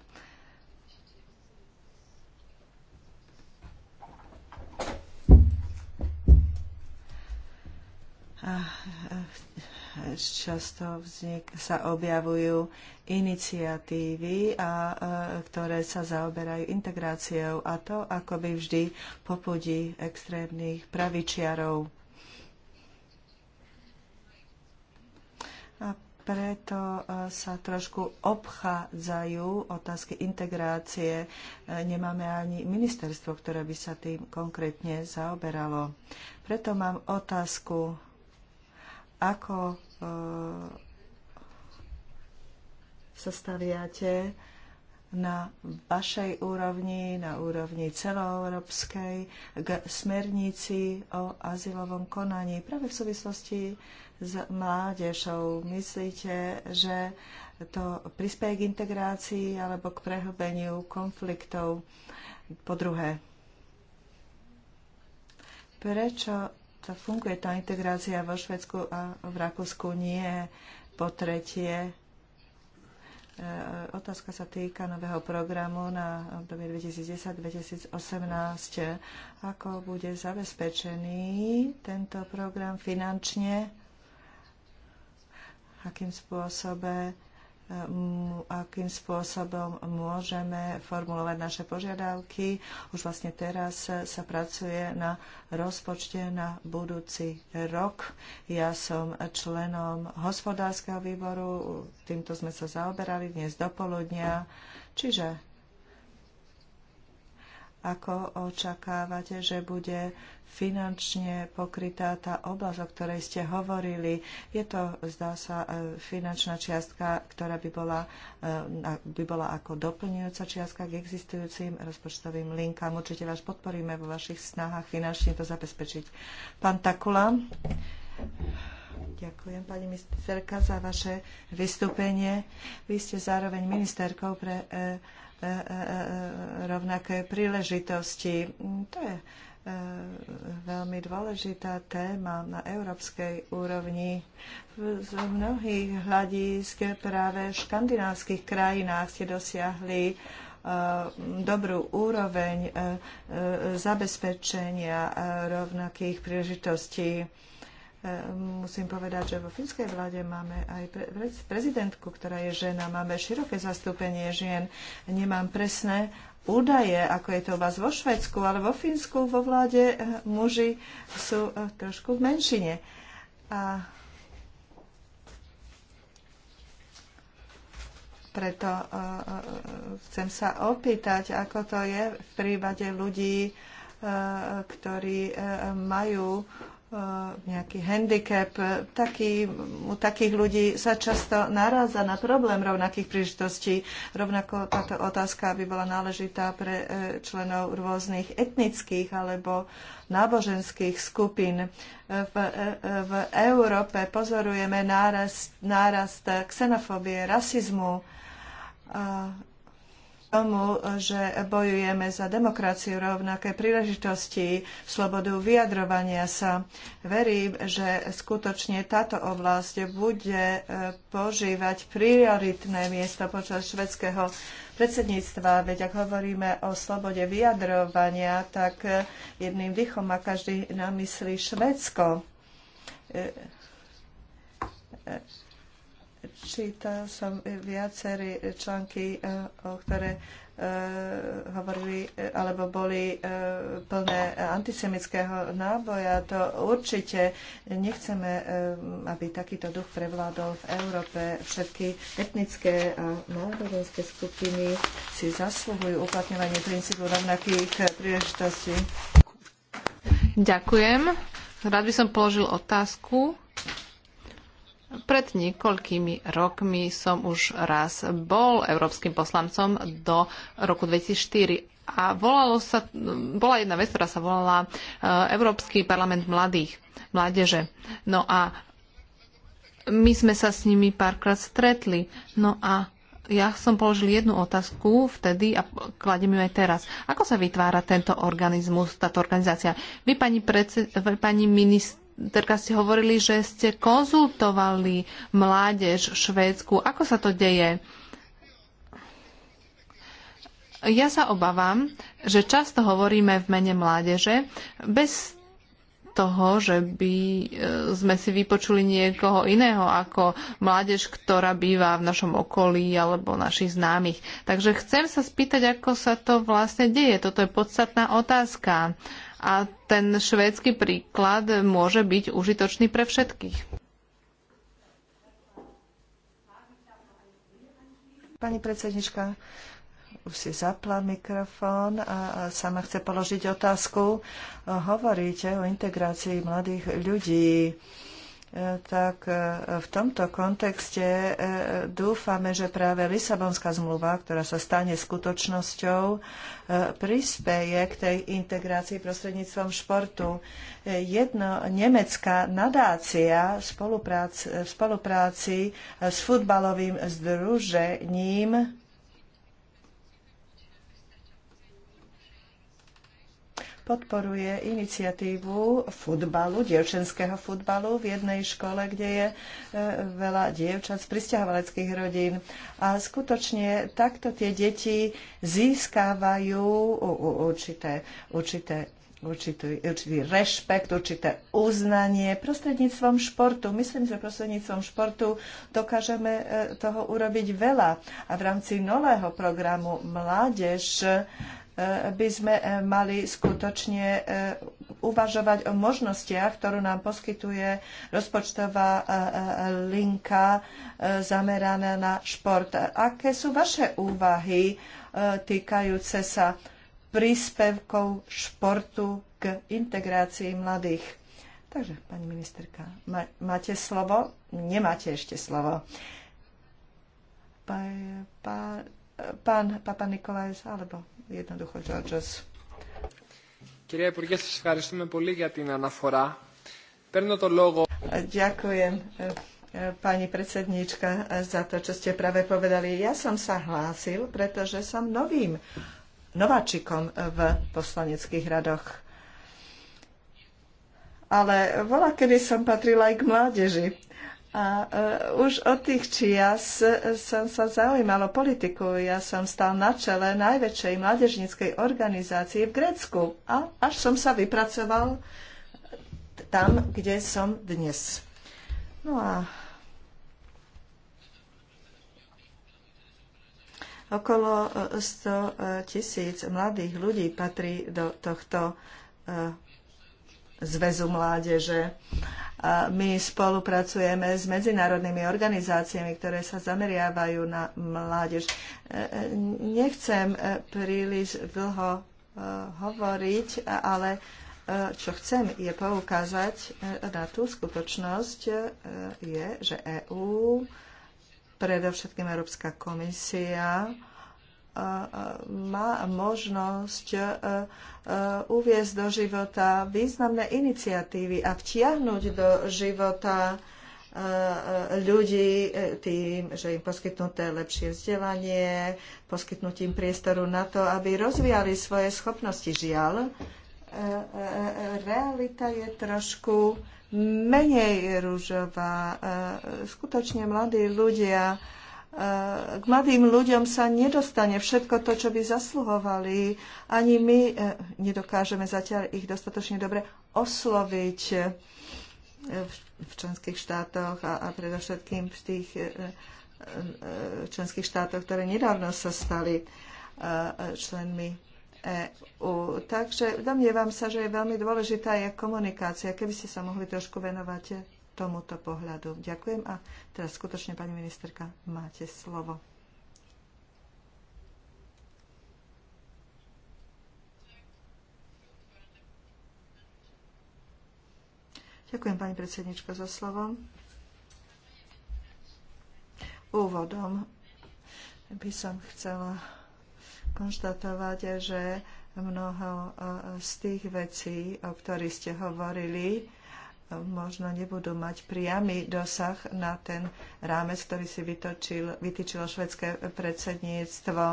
Eh, často vznik, sa objavujú iniciatívy, a, a, eh, ktoré sa zaoberajú integráciou a to akoby vždy popudí extrémnych pravičiarov. A preto eh, sa trošku obchádzajú otázky integrácie. Nemáme ani ministerstvo, ktoré by sa tým konkrétne zaoberalo. Preto mám otázku ako e, sa staviate na vašej úrovni, na úrovni celoeurópskej, k smernici o azylovom konaní práve v súvislosti s mládežou. Myslíte, že to prispieje k integrácii alebo k prehlbeniu konfliktov? Po druhé, prečo tá funguje tá integrácia vo Švedsku a v Rakúsku nie. Po tretie, e, Otázka sa týka nového programu na obdobie 2010-2018. Ako bude zabezpečený tento program finančne? Akým spôsobom? akým spôsobom môžeme formulovať naše požiadavky. Už vlastne teraz sa pracuje na rozpočte na budúci rok. Ja som členom hospodárskeho výboru, týmto sme sa zaoberali dnes do poludnia, čiže ako očakávate, že bude finančne pokrytá tá oblasť, o ktorej ste hovorili. Je to, zdá sa, e, finančná čiastka, ktorá by bola, e, by bola ako doplňujúca čiastka k existujúcim rozpočtovým linkám. Určite vás podporíme vo vašich snahách finančne to zabezpečiť. Pán Takula. Ďakujem, pani ministerka, za vaše vystúpenie. Vy ste zároveň ministerkou pre e, E, e, e, rovnaké príležitosti. To je veľmi dôležitá téma na európskej úrovni. Z mnohých hľadísk práve v škandinávskych krajinách ste dosiahli dobrú úroveň zabezpečenia rovnakých príležitostí musím povedať, že vo finskej vláde máme aj pre, prezidentku, ktorá je žena. Máme široké zastúpenie žien. Nemám presné údaje, ako je to u vás vo Švedsku, ale vo Fínsku vo vláde eh, muži sú eh, trošku v menšine. A preto eh, chcem sa opýtať, ako to je v prípade ľudí, ktorí majú Eh, nejaký handicap. Taký, u takých ľudí sa často naráza na problém rovnakých príležitostí. Rovnako táto otázka by bola náležitá pre eh, členov rôznych etnických alebo náboženských skupín. Eh, v, v Európe pozorujeme nárast, nárast xenofóbie, rasizmu. A tomu, že bojujeme za demokraciu, rovnaké príležitosti, slobodu vyjadrovania sa. Verím, že skutočne táto oblasť bude e, požívať prioritné miesto počas švedského predsedníctva. Veď ak hovoríme o slobode vyjadrovania, tak e, jedným dýchom má každý na mysli Švedsko e, Čítal som viaceré články, eh, o ktoré eh, hovorili, eh, alebo boli plné antisemického náboja. To určite nechceme, aby takýto duch prevládol v Európe. Všetky etnické a náboženské skupiny si zasluhujú uplatňovanie princípu rovnakých príležitostí. Ďakujem. Rád by som položil otázku pred niekoľkými rokmi som už raz bol európskym poslancom do roku 2004 a volalo sa, bola jedna vec, ktorá sa volala e, Európsky parlament mladých, mládeže. No a my sme sa s nimi párkrát stretli. No a ja som položil jednu otázku vtedy a kladem ju aj teraz. Ako sa vytvára tento organizmus, táto organizácia? Vy, pani, predsed, pani minister, teraz ste hovorili, že ste konzultovali mládež v Švédsku. Ako sa to deje? Ja sa obávam, že často hovoríme v mene mládeže bez toho, že by e, sme si vypočuli niekoho iného ako mládež, ktorá býva v našom okolí alebo našich známych. Takže chcem sa spýtať, ako sa to vlastne deje. Toto je podstatná otázka. Uh, a ten švédsky príklad môže byť užitočný pre všetkých. Pani predsednička, už si zapla mikrofón a sama chce položiť otázku. Hovoríte o integrácii mladých ľudí tak e, v tomto kontexte e, dúfame, že práve Lisabonská zmluva, ktorá sa stane skutočnosťou, e, prispeje k tej integrácii prostredníctvom športu. Jedno nemecká nadácia v spolupráci, v spolupráci s futbalovým združením podporuje iniciatívu futbalu, dievčenského futbalu v jednej škole, kde je e, veľa dievčat z pristahovaleckých rodín. A skutočne takto tie deti získávajú určité, určité určitý, určitý rešpekt, určité uznanie prostredníctvom športu. Myslím, že prostredníctvom športu dokážeme e, toho urobiť veľa. A v rámci nového programu Mládež by sme e, mali skutočne e, uvažovať o možnostiach, ktorú nám poskytuje rozpočtová e, linka zameraná na šport. Aké sú vaše úvahy týkajúce sa príspevkov športu k integrácii mladých? Takže, pani ministerka, máte slovo? Nemáte ešte slovo. Pán, pán Papa Nikolajs, alebo Jednoducho, Georges. Κυρία Υπουργέ, ευχαριστούμε πολύ για την αναφορά. Παίρνω το λόγο. Ďakujem, pani predsedníčka, za to, čo ste práve povedali. Ja som sa hlásil, pretože som novým nováčikom v poslaneckých radoch. Ale bola, kedy som patrila aj k mládeži a uh, už od tých čias e, som sa zaujímala politiku. Ja som stal na čele najväčšej mládežníckej organizácie v Grécku a až som sa vypracoval tam, kde som dnes. No a okolo 100 e, tisíc mladých ľudí patrí do tohto zväzu mládeže. A my spolupracujeme s medzinárodnými organizáciami, ktoré sa zameriavajú na mládež. E, e, nechcem e, príliš dlho hovoriť, ale čo chcem je poukázať na tú skutočnosť, je, že EÚ, predovšetkým Európska komisia, má možnosť e, e, uviezť do života významné iniciatívy a vtiahnuť do života e, ľudí tým, že im poskytnuté lepšie vzdelanie, poskytnutím priestoru na to, aby rozvíjali svoje schopnosti. Žiaľ, realita je trošku menej rúžová. Skutočne mladí ľudia k mladým ľuďom sa nedostane všetko to, čo by zasluhovali. Ani my e, nedokážeme zatiaľ ich dostatočne dobre osloviť e, v členských štátoch a, a predovšetkým v tých e, členských štátoch, ktoré nedávno sa stali členmi EU. Takže domnievam sa, že je veľmi dôležitá je komunikácia. Keby ste sa mohli trošku venovať tomuto pohľadu. Ďakujem a teraz skutočne, pani ministerka, máte slovo. Ďakujem, pani predsednička, za slovo. Úvodom by som chcela konštatovať, že mnoho eh, z tých vecí, o ktorých ste hovorili, možno nebudú mať priamy dosah na ten rámec, ktorý si vytočil, vytýčilo švedské predsedníctvo.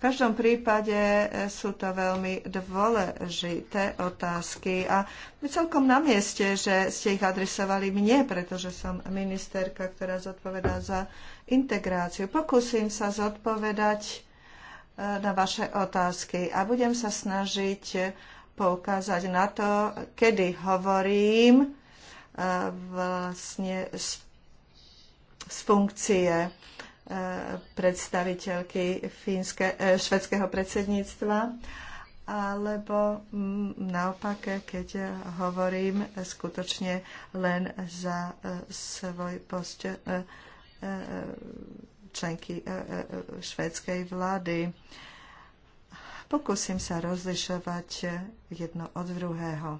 V každom prípade e, sú to veľmi dôležité otázky a celkom na mieste, že ste ich adresovali mne, pretože som ministerka, ktorá zodpovedá za integráciu. Pokúsim sa zodpovedať e, na vaše otázky a budem sa snažiť e, poukázať na to, kedy hovorím vlastne z, z funkcie e, predstaviteľky fínske, e, švedského predsedníctva, alebo naopak, keď hovorím skutočne len za e, svoj post členky švédskej vlády. Pokúsim sa rozlišovať jedno od druhého.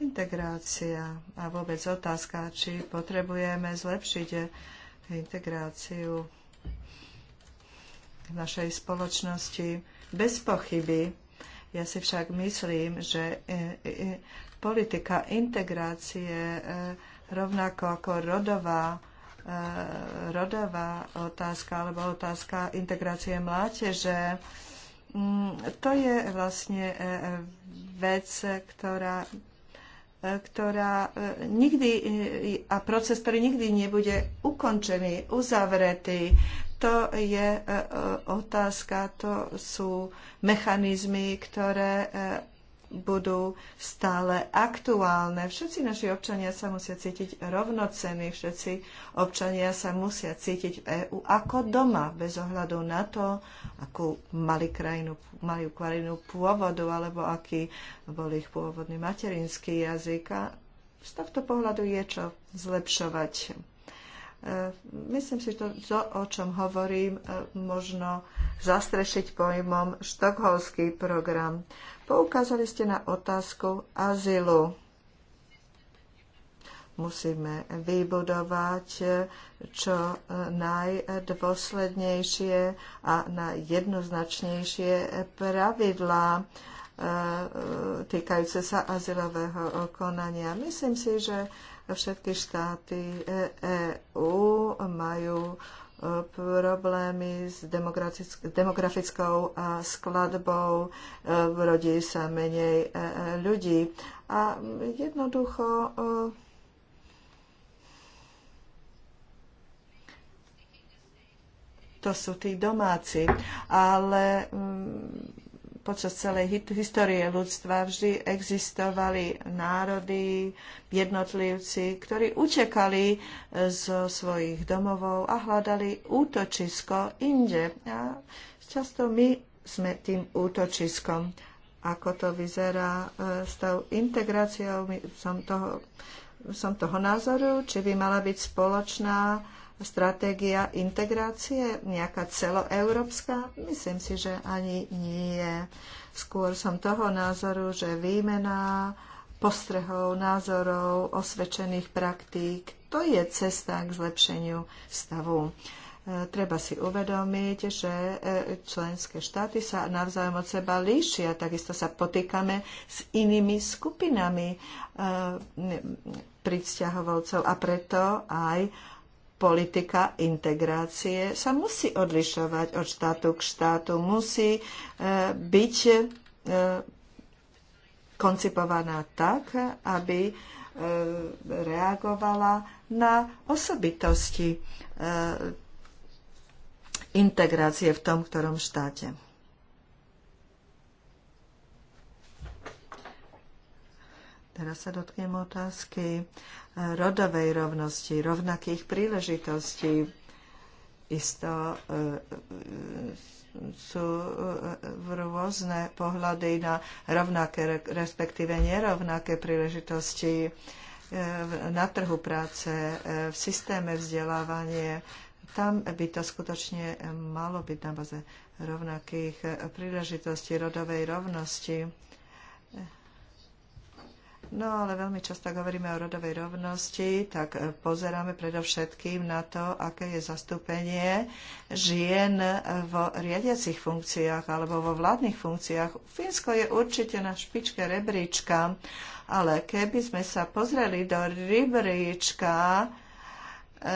integrácia a vôbec otázka, či potrebujeme zlepšiť integráciu v našej spoločnosti. Bez pochyby. Ja si však myslím, že e, e, e, politika integrácie rovnako ako rodová rodová otázka alebo otázka integrácie mládeže. Mm, to je vlastne vec, ktorá ktorá e, nikdy, e, a proces, ktorý nikdy nebude ukončený, uzavretý. To je e, otázka, to sú mechanizmy, ktoré budú stále aktuálne. Všetci naši občania sa musia cítiť rovnocenní, všetci občania sa musia cítiť v EÚ ako doma, bez ohľadu na to, akú mali krajinu, mali krajinu pôvodu, alebo aký bol ich pôvodný materinský jazyk. A z tohto pohľadu je čo zlepšovať. E, myslím si, že to, to, o čom hovorím, e, možno zastrešiť pojmom štokholský program. Poukázali ste na otázku azylu. Musíme vybudovať e, čo najdôslednejšie a najjednoznačnejšie pravidlá týkajúce sa azylového konania. Myslím si, že Všetky štáty EÚ e majú e, problémy s demografickou e, skladbou, rodí sa menej ľudí. A jednoducho to sú tí domáci, ale mm, počas celej histórie ľudstva vždy existovali národy, jednotlivci, ktorí utekali e, zo svojich domovov a hľadali útočisko inde. A často my sme tým útočiskom. Ako to vyzerá e, s tou integráciou, som toho, som toho názoru, či by mala byť spoločná stratégia integrácie, nejaká celoeurópska? Myslím si, že ani nie. Skôr som toho názoru, že výmena postrehov, názorov, osvedčených praktík, to je cesta k zlepšeniu stavu. E, treba si uvedomiť, že e, členské štáty sa navzájom od seba líšia, takisto sa potýkame s inými skupinami e, pridsťahovalcov a preto aj politika integrácie sa musí odlišovať od štátu k štátu, musí e, byť e, koncipovaná tak, aby e, reagovala na osobitosti integrácie v tom ktorom štáte. Teraz sa dotknem otázky eh, rodovej rovnosti, rovnakých príležitostí. Isto eh, sú eh, rôzne pohľady na rovnaké, respektíve nerovnaké príležitosti na trhu práce, v systéme vzdelávanie. Tam by to skutočne malo byť na baze rovnakých príležitostí, rodovej rovnosti No ale veľmi často hovoríme o rodovej rovnosti, tak e, pozeráme predovšetkým na to, aké je zastúpenie žien v riadiacich funkciách alebo vo vládnych funkciách. Fínsko je určite na špičke rebríčka, ale keby sme sa pozreli do rebríčka, e, e,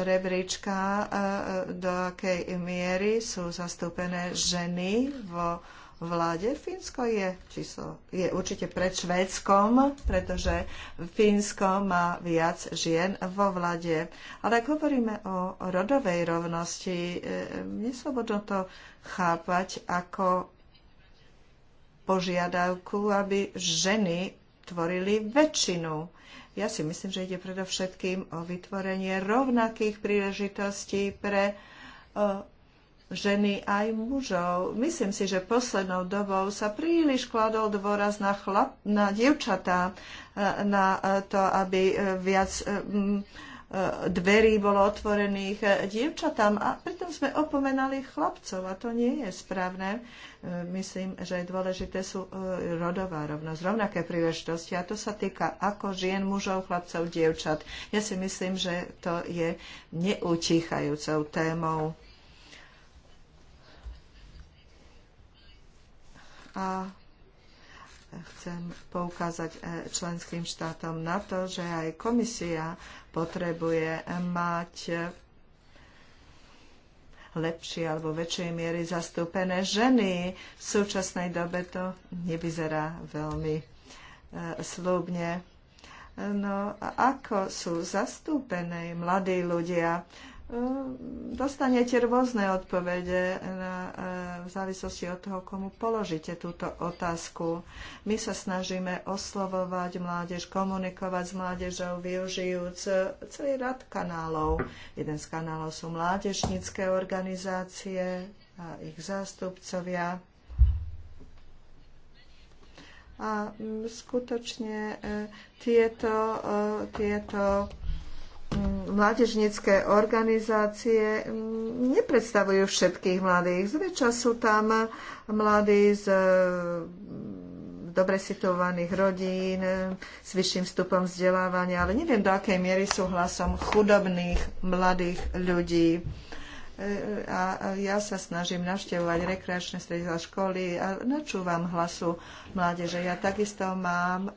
rebríčka, do akej miery sú zastúpené ženy vo vláde. Fínsko je, číslo, je určite pred Švédskom, pretože Fínsko má viac žien vo vláde. Ale ak hovoríme o rodovej rovnosti, e, neslobodno to chápať ako požiadavku, aby ženy tvorili väčšinu. Ja si myslím, že ide predovšetkým o vytvorenie rovnakých príležitostí pre e, ženy aj mužov. Myslím si, že poslednou dobou sa príliš kladol dôraz na, chlap, na dievčatá, e, na e, to, aby e, viac dverí bolo otvorených dievčatám a pritom sme opomenali chlapcov a to nie je správne. Myslím, že dôležité sú rodová rovnosť, rovnaké príležitosti a to sa týka ako žien, mužov, chlapcov, dievčat. Ja si myslím, že to je neutíchajúcou témou. a chcem poukázať e, členským štátom na to, že aj komisia potrebuje mať lepšie alebo väčšej miery zastúpené ženy. V súčasnej dobe to nevyzerá veľmi e, slúbne. No, ako sú zastúpené mladí ľudia Ehm, dostanete rôzne odpovede na, ehm, v závislosti od toho, komu položíte túto otázku. My sa snažíme oslovovať mládež, komunikovať s mládežou, využijúc e, celý rad kanálov. Jeden z kanálov sú mládežnícke organizácie a ich zástupcovia. A mm, skutočne e, tieto, e, tieto mládežnické organizácie nepredstavujú všetkých mladých. Zväčša sú tam mladí z dobre situovaných rodín, s vyšším stupom vzdelávania, ale neviem, do akej miery sú hlasom chudobných mladých ľudí a ja sa snažím navštevovať rekreačné stredisko školy a načúvam hlasu mládeže. Ja takisto mám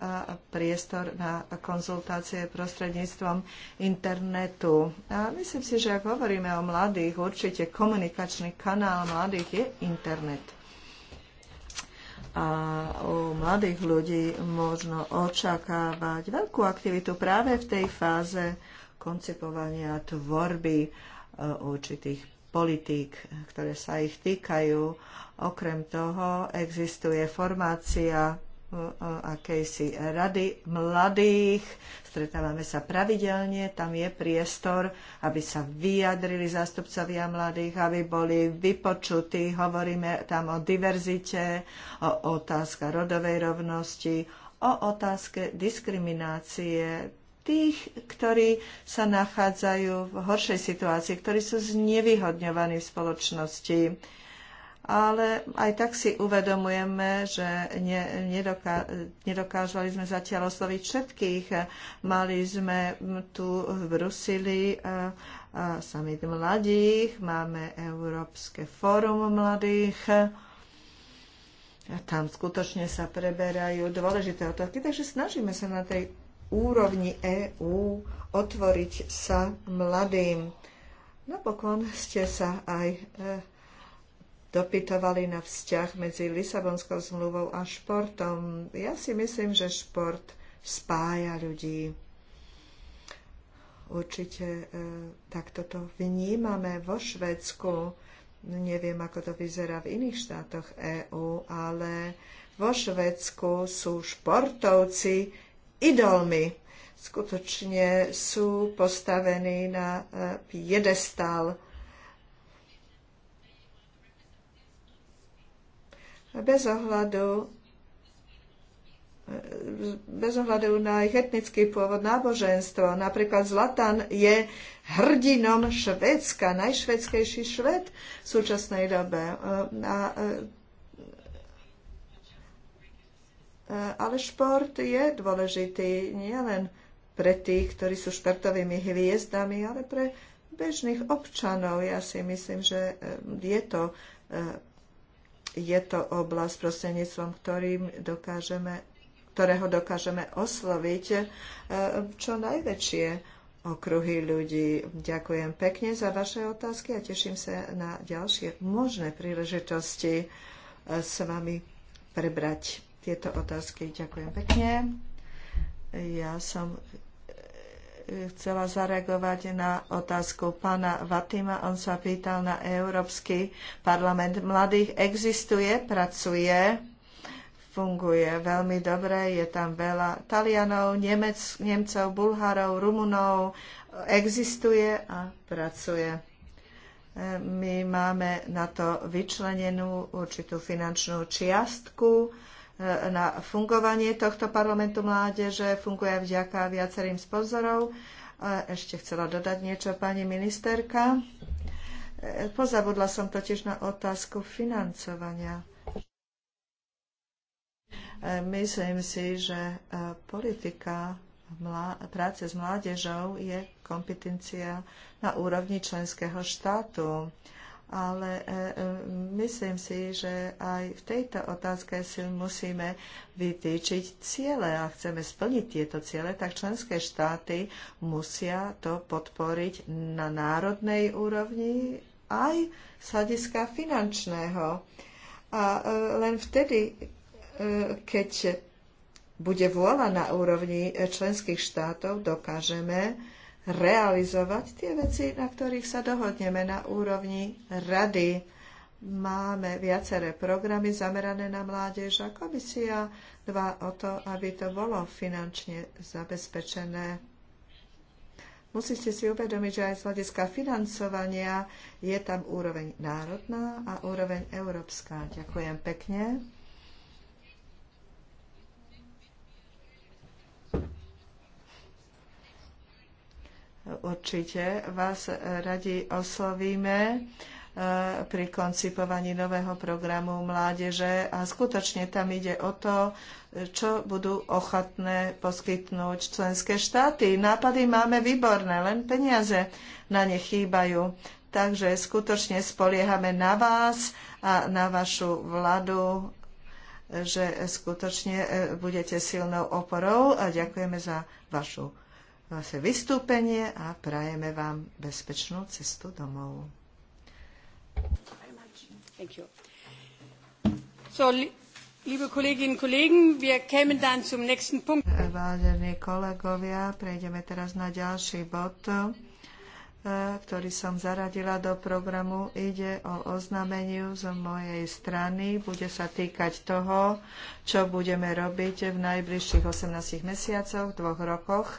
priestor na konzultácie prostredníctvom internetu. A myslím si, že ak hovoríme o mladých, určite komunikačný kanál mladých je internet. A u mladých ľudí možno očakávať veľkú aktivitu práve v tej fáze koncipovania tvorby Eh, určitých politík, ktoré sa ich týkajú. Okrem toho existuje formácia eh, akejsi rady mladých. Stretávame sa pravidelne, tam je priestor, aby sa vyjadrili zástupcovia mladých, aby boli vypočutí. Hovoríme tam o diverzite, o otázka rodovej rovnosti, o otázke diskriminácie tých, ktorí sa nachádzajú v horšej situácii, ktorí sú znevýhodňovaní v spoločnosti. Ale aj tak si uvedomujeme, že nedokážali sme zatiaľ osloviť všetkých. Mali sme tu v Brusili e, e, summit mladých, máme Európske fórum mladých. tam skutočne sa preberajú dôležité otázky, takže snažíme sa na tej úrovni EÚ otvoriť sa mladým. Napokon ste sa aj e, dopytovali na vzťah medzi Lisabonskou zmluvou a športom. Ja si myslím, že šport spája ľudí. Určite e, takto to vnímame vo Švedsku. Neviem, ako to vyzerá v iných štátoch EÚ, ale vo Švedsku sú športovci idolmi. Skutočne sú postavení na e, piedestal. Bez ohľadu e, bez ohľadu na ich etnický pôvod náboženstvo. Napríklad Zlatan je hrdinom Švedska, najšvedskejší Šved v súčasnej dobe. E, a Ale šport je dôležitý nielen pre tých, ktorí sú športovými hviezdami, ale pre bežných občanov. Ja si myslím, že e, je to, e, je to oblasť prostredníctvom, ktorým dokážeme, ktorého dokážeme osloviť e, čo najväčšie okruhy ľudí. Ďakujem pekne za vaše otázky a teším sa na ďalšie možné príležitosti s vami prebrať tieto otázky. Ďakujem pekne. Ja som e, chcela zareagovať na otázku pána Vatima. On sa pýtal na Európsky parlament mladých. Existuje, pracuje, funguje veľmi dobre. Je tam veľa Talianov, Nemec, Nemcov, Bulharov, Rumunov. Existuje a pracuje. E, my máme na to vyčlenenú určitú finančnú čiastku E, na fungovanie tohto parlamentu mládeže. Funguje vďaka viacerým sponzorov. E, ešte chcela dodať niečo pani ministerka. E, pozabudla som totiž na otázku financovania. Myslím si, že politika práce s mládežou je kompetencia na úrovni členského štátu ale e, e, myslím si, že aj v tejto otázke si musíme vytýčiť ciele a chceme splniť tieto ciele, tak členské štáty musia to podporiť na národnej úrovni aj z hľadiska finančného. A e, len vtedy, keď bude vôľa na úrovni členských štátov, dokážeme realizovať tie veci, na ktorých sa dohodneme na úrovni rady. Máme viaceré programy zamerané na mládež a komisia dva o to, aby to bolo finančne zabezpečené. Musíte si uvedomiť, že aj z hľadiska financovania je tam úroveň národná a úroveň európska. Ďakujem pekne. Určite vás radi oslovíme e, pri koncipovaní nového programu mládeže a skutočne tam ide o to, čo budú ochotné poskytnúť členské štáty. Nápady máme výborné, len peniaze na ne chýbajú. Takže skutočne spoliehame na vás a na vašu vládu, že skutočne e, budete silnou oporou a ďakujeme za vašu vaše vystúpenie a prajeme vám bezpečnú cestu domov. So, liebe Kolleginnen und Kollegen, wir kämen dann zum nächsten Punkt. Vážení kolegovia, prejdeme teraz na ďalší bod, e, ktorý som zaradila do programu. Ide o oznameniu z mojej strany. Bude sa týkať toho, čo budeme robiť v najbližších 18 mesiacoch, dvoch rokoch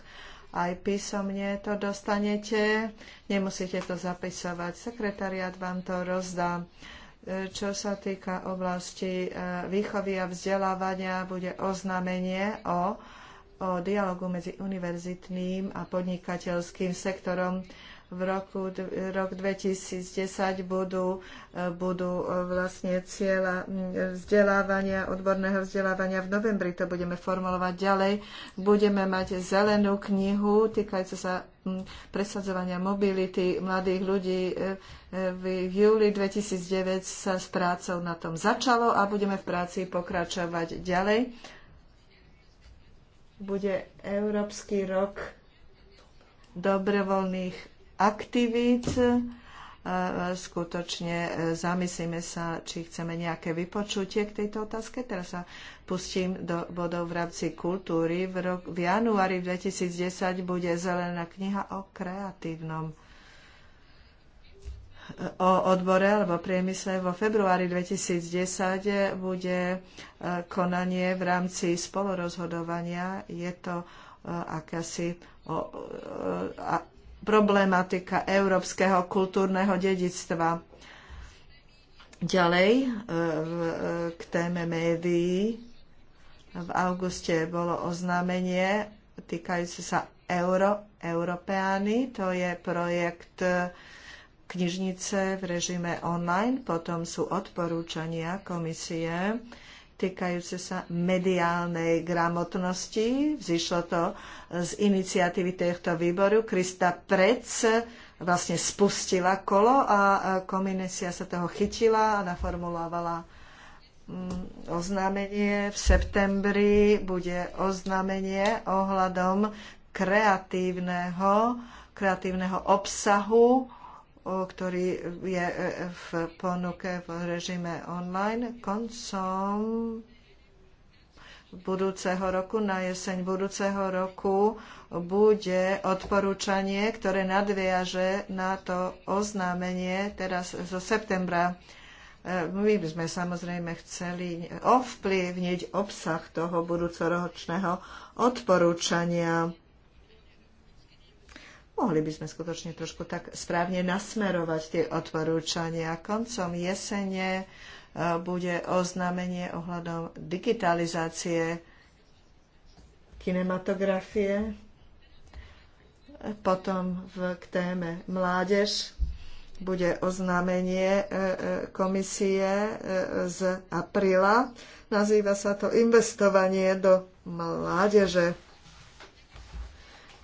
aj písomne to dostanete. Nemusíte to zapisovať. Sekretariat vám to rozdá. E, čo sa týka oblasti e, výchovy a vzdelávania, bude oznámenie o, o dialogu medzi univerzitným a podnikateľským sektorom v roku, rok 2010 budú, e, budú e, vlastne cieľa vzdelávania, odborného vzdelávania. V novembri to budeme formulovať ďalej. Budeme mať zelenú knihu týkajúcu sa presadzovania mobility mladých ľudí. E, v júli 2009 sa s prácou na tom začalo a budeme v práci pokračovať ďalej. Bude Európsky rok dobrovoľných aktivít. E, e, skutočne e, zamyslíme sa, či chceme nejaké vypočutie k tejto otázke. Teraz sa pustím do bodov v rámci kultúry. V, rok, v januári 2010 bude zelená kniha o kreatívnom o odbore alebo priemysle. Vo februári 2010 bude konanie v rámci spolorozhodovania. Je to akási problematika európskeho kultúrneho dedictva. Ďalej e, e, k téme médií. V auguste bolo oznámenie týkajúce sa Euro, Europeány. To je projekt knižnice v režime online. Potom sú odporúčania komisie týkajúce sa mediálnej gramotnosti. Vzýšlo to z iniciatívy tohto výboru. Krista Prec vlastne spustila kolo a komisia sa toho chytila a naformulovala mm, oznámenie. V septembri bude oznámenie ohľadom kreatívneho, kreatívneho obsahu ktorý je e, v ponuke v režime online. Koncom budúceho roku, na jeseň budúceho roku bude odporúčanie, ktoré nadviaže na to oznámenie teraz zo septembra. E, my by sme samozrejme chceli ovplyvniť obsah toho budúcoročného odporúčania mohli by sme skutočne trošku tak správne nasmerovať tie odporúčania. Koncom jesene e, bude oznámenie ohľadom digitalizácie kinematografie, potom v, k téme mládež bude oznámenie e, e, komisie z apríla. Nazýva sa to investovanie do mládeže.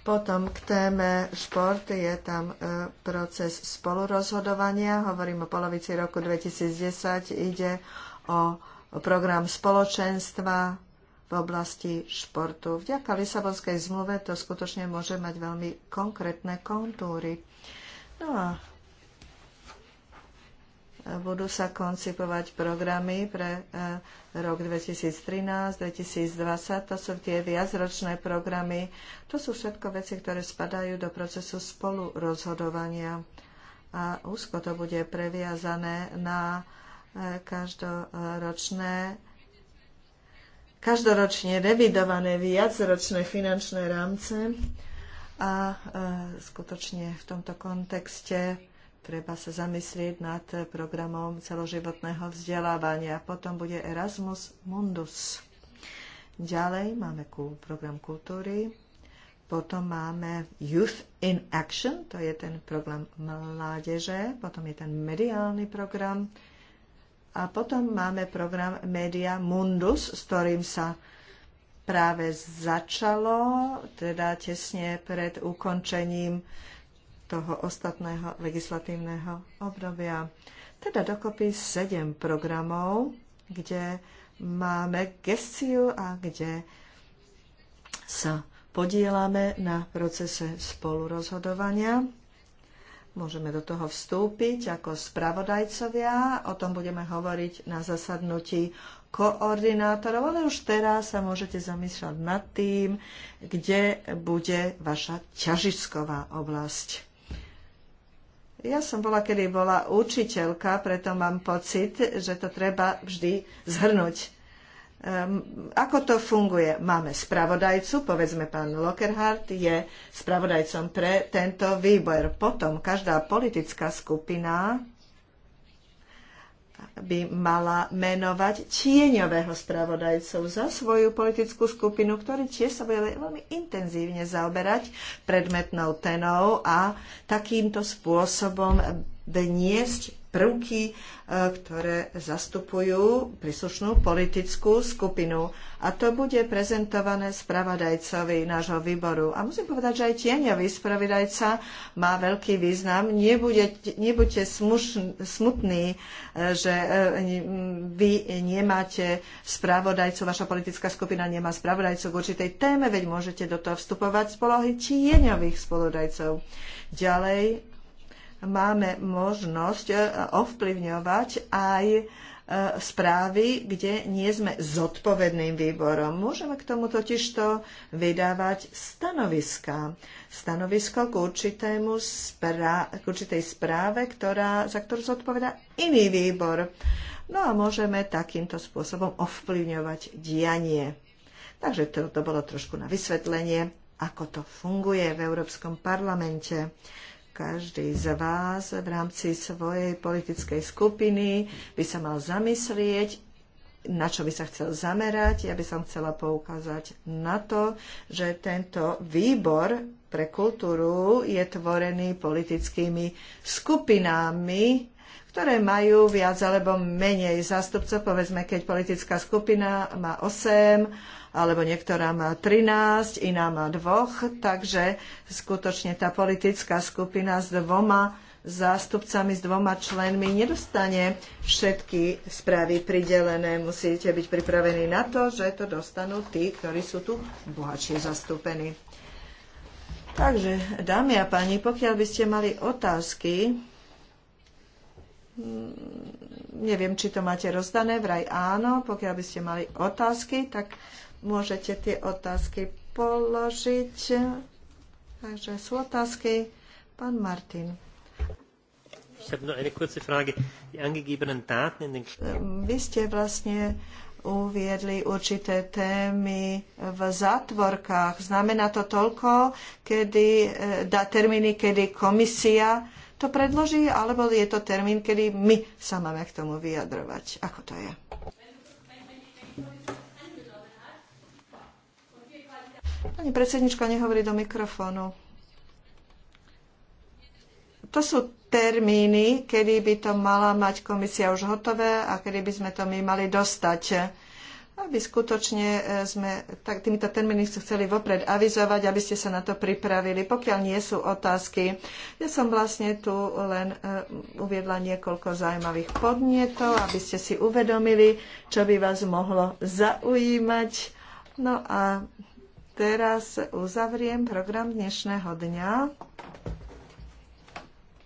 Potom k téme šport je tam e, proces spolurozhodovania. Hovorím o polovici roku 2010. Ide o program spoločenstva v oblasti športu. Vďaka Lisabonskej zmluve to skutočne môže mať veľmi konkrétne kontúry. No a budú sa koncipovať programy pre e, rok 2013-2020. To sú tie viacročné programy. To sú všetko veci, ktoré spadajú do procesu spolurozhodovania. A úzko to bude previazané na e, každoročné každoročne revidované viacročné finančné rámce a e, skutočne v tomto kontexte treba sa zamyslieť nad programom celoživotného vzdelávania. Potom bude Erasmus Mundus. Ďalej máme program kultúry. Potom máme Youth in Action, to je ten program mládeže. Potom je ten mediálny program. A potom máme program Media Mundus, s ktorým sa práve začalo, teda tesne pred ukončením toho ostatného legislatívneho obdobia. Teda dokopy sedem programov, kde máme gestiu a kde sa podielame na procese spolurozhodovania. Môžeme do toho vstúpiť ako spravodajcovia, o tom budeme hovoriť na zasadnutí koordinátorov, ale už teraz sa môžete zamýšľať nad tým, kde bude vaša ťažisková oblasť. Ja som bola, kedy bola učiteľka, preto mám pocit, že to treba vždy zhrnúť. Um, ako to funguje? Máme spravodajcu, povedzme pán Lockerhart je spravodajcom pre tento výbor. Potom každá politická skupina by mala menovať tieňového spravodajcov za svoju politickú skupinu, ktorý tiež sa bude veľmi intenzívne zaoberať predmetnou tenou a takýmto spôsobom dniesť prvky, e, ktoré zastupujú príslušnú politickú skupinu. A to bude prezentované spravodajcovi nášho výboru. A musím povedať, že aj tieňový spravodajca má veľký význam. nebuďte smutní, e, že e, vy nemáte spravodajcu, vaša politická skupina nemá spravodajcu k určitej téme, veď môžete do toho vstupovať z polohy tieňových spoludajcov. Ďalej máme možnosť e, ovplyvňovať aj e, správy, kde nie sme zodpovedným výborom. Môžeme k tomu totižto vydávať stanoviska. Stanovisko k, určitému spra- k určitej správe, ktorá, za ktorú zodpoveda iný výbor. No a môžeme takýmto spôsobom ovplyvňovať dianie. Takže to, to bolo trošku na vysvetlenie, ako to funguje v Európskom parlamente každý z vás v rámci svojej politickej skupiny by sa mal zamyslieť, na čo by sa chcel zamerať. Ja by som chcela poukázať na to, že tento výbor pre kultúru je tvorený politickými skupinami ktoré majú viac alebo menej zástupcov. Povedzme, keď politická skupina má 8, alebo niektorá má 13, iná má 2, takže skutočne tá politická skupina s dvoma zástupcami, s dvoma členmi nedostane všetky správy pridelené. Musíte byť pripravení na to, že to dostanú tí, ktorí sú tu bohatšie zastúpení. Takže, dámy a páni, pokiaľ by ste mali otázky, Neviem, či to máte rozdané, vraj áno. Pokiaľ by ste mali otázky, tak môžete tie otázky položiť. Takže sú otázky. Pán Martin. Vy ste vlastne uviedli určité témy v zátvorkách. Znamená to toľko, kedy, eh, da termíny, kedy komisia to predloží, alebo je to termín, kedy my sa máme k tomu vyjadrovať? Ako to je? Pani predsednička nehovorí do mikrofónu. To sú termíny, kedy by to mala mať komisia už hotové a kedy by sme to my mali dostať aby skutočne e, sme tak, týmito termíny chceli vopred avizovať, aby ste sa na to pripravili, pokiaľ nie sú otázky. Ja som vlastne tu len e, uviedla niekoľko zaujímavých podnetov, aby ste si uvedomili, čo by vás mohlo zaujímať. No a teraz uzavriem program dnešného dňa.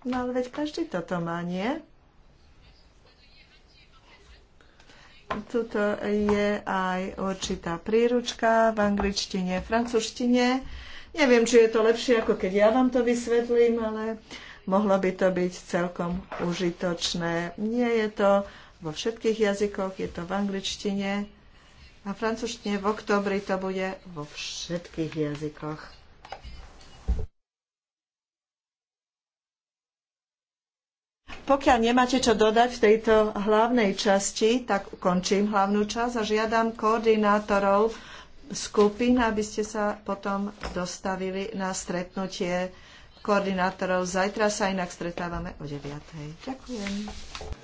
No ale veď každý toto má, nie? Tuto je aj určitá príručka v angličtine, francúzštine. Neviem, či je to lepšie, ako keď ja vám to vysvetlím, ale mohlo by to byť celkom užitočné. Nie je to vo všetkých jazykoch, je to v angličtine a francúzštine. V oktobri to bude vo všetkých jazykoch. Pokiaľ nemáte čo dodať v tejto hlavnej časti, tak ukončím hlavnú časť a žiadam koordinátorov skupín, aby ste sa potom dostavili na stretnutie koordinátorov. Zajtra sa inak stretávame o 9. Ďakujem.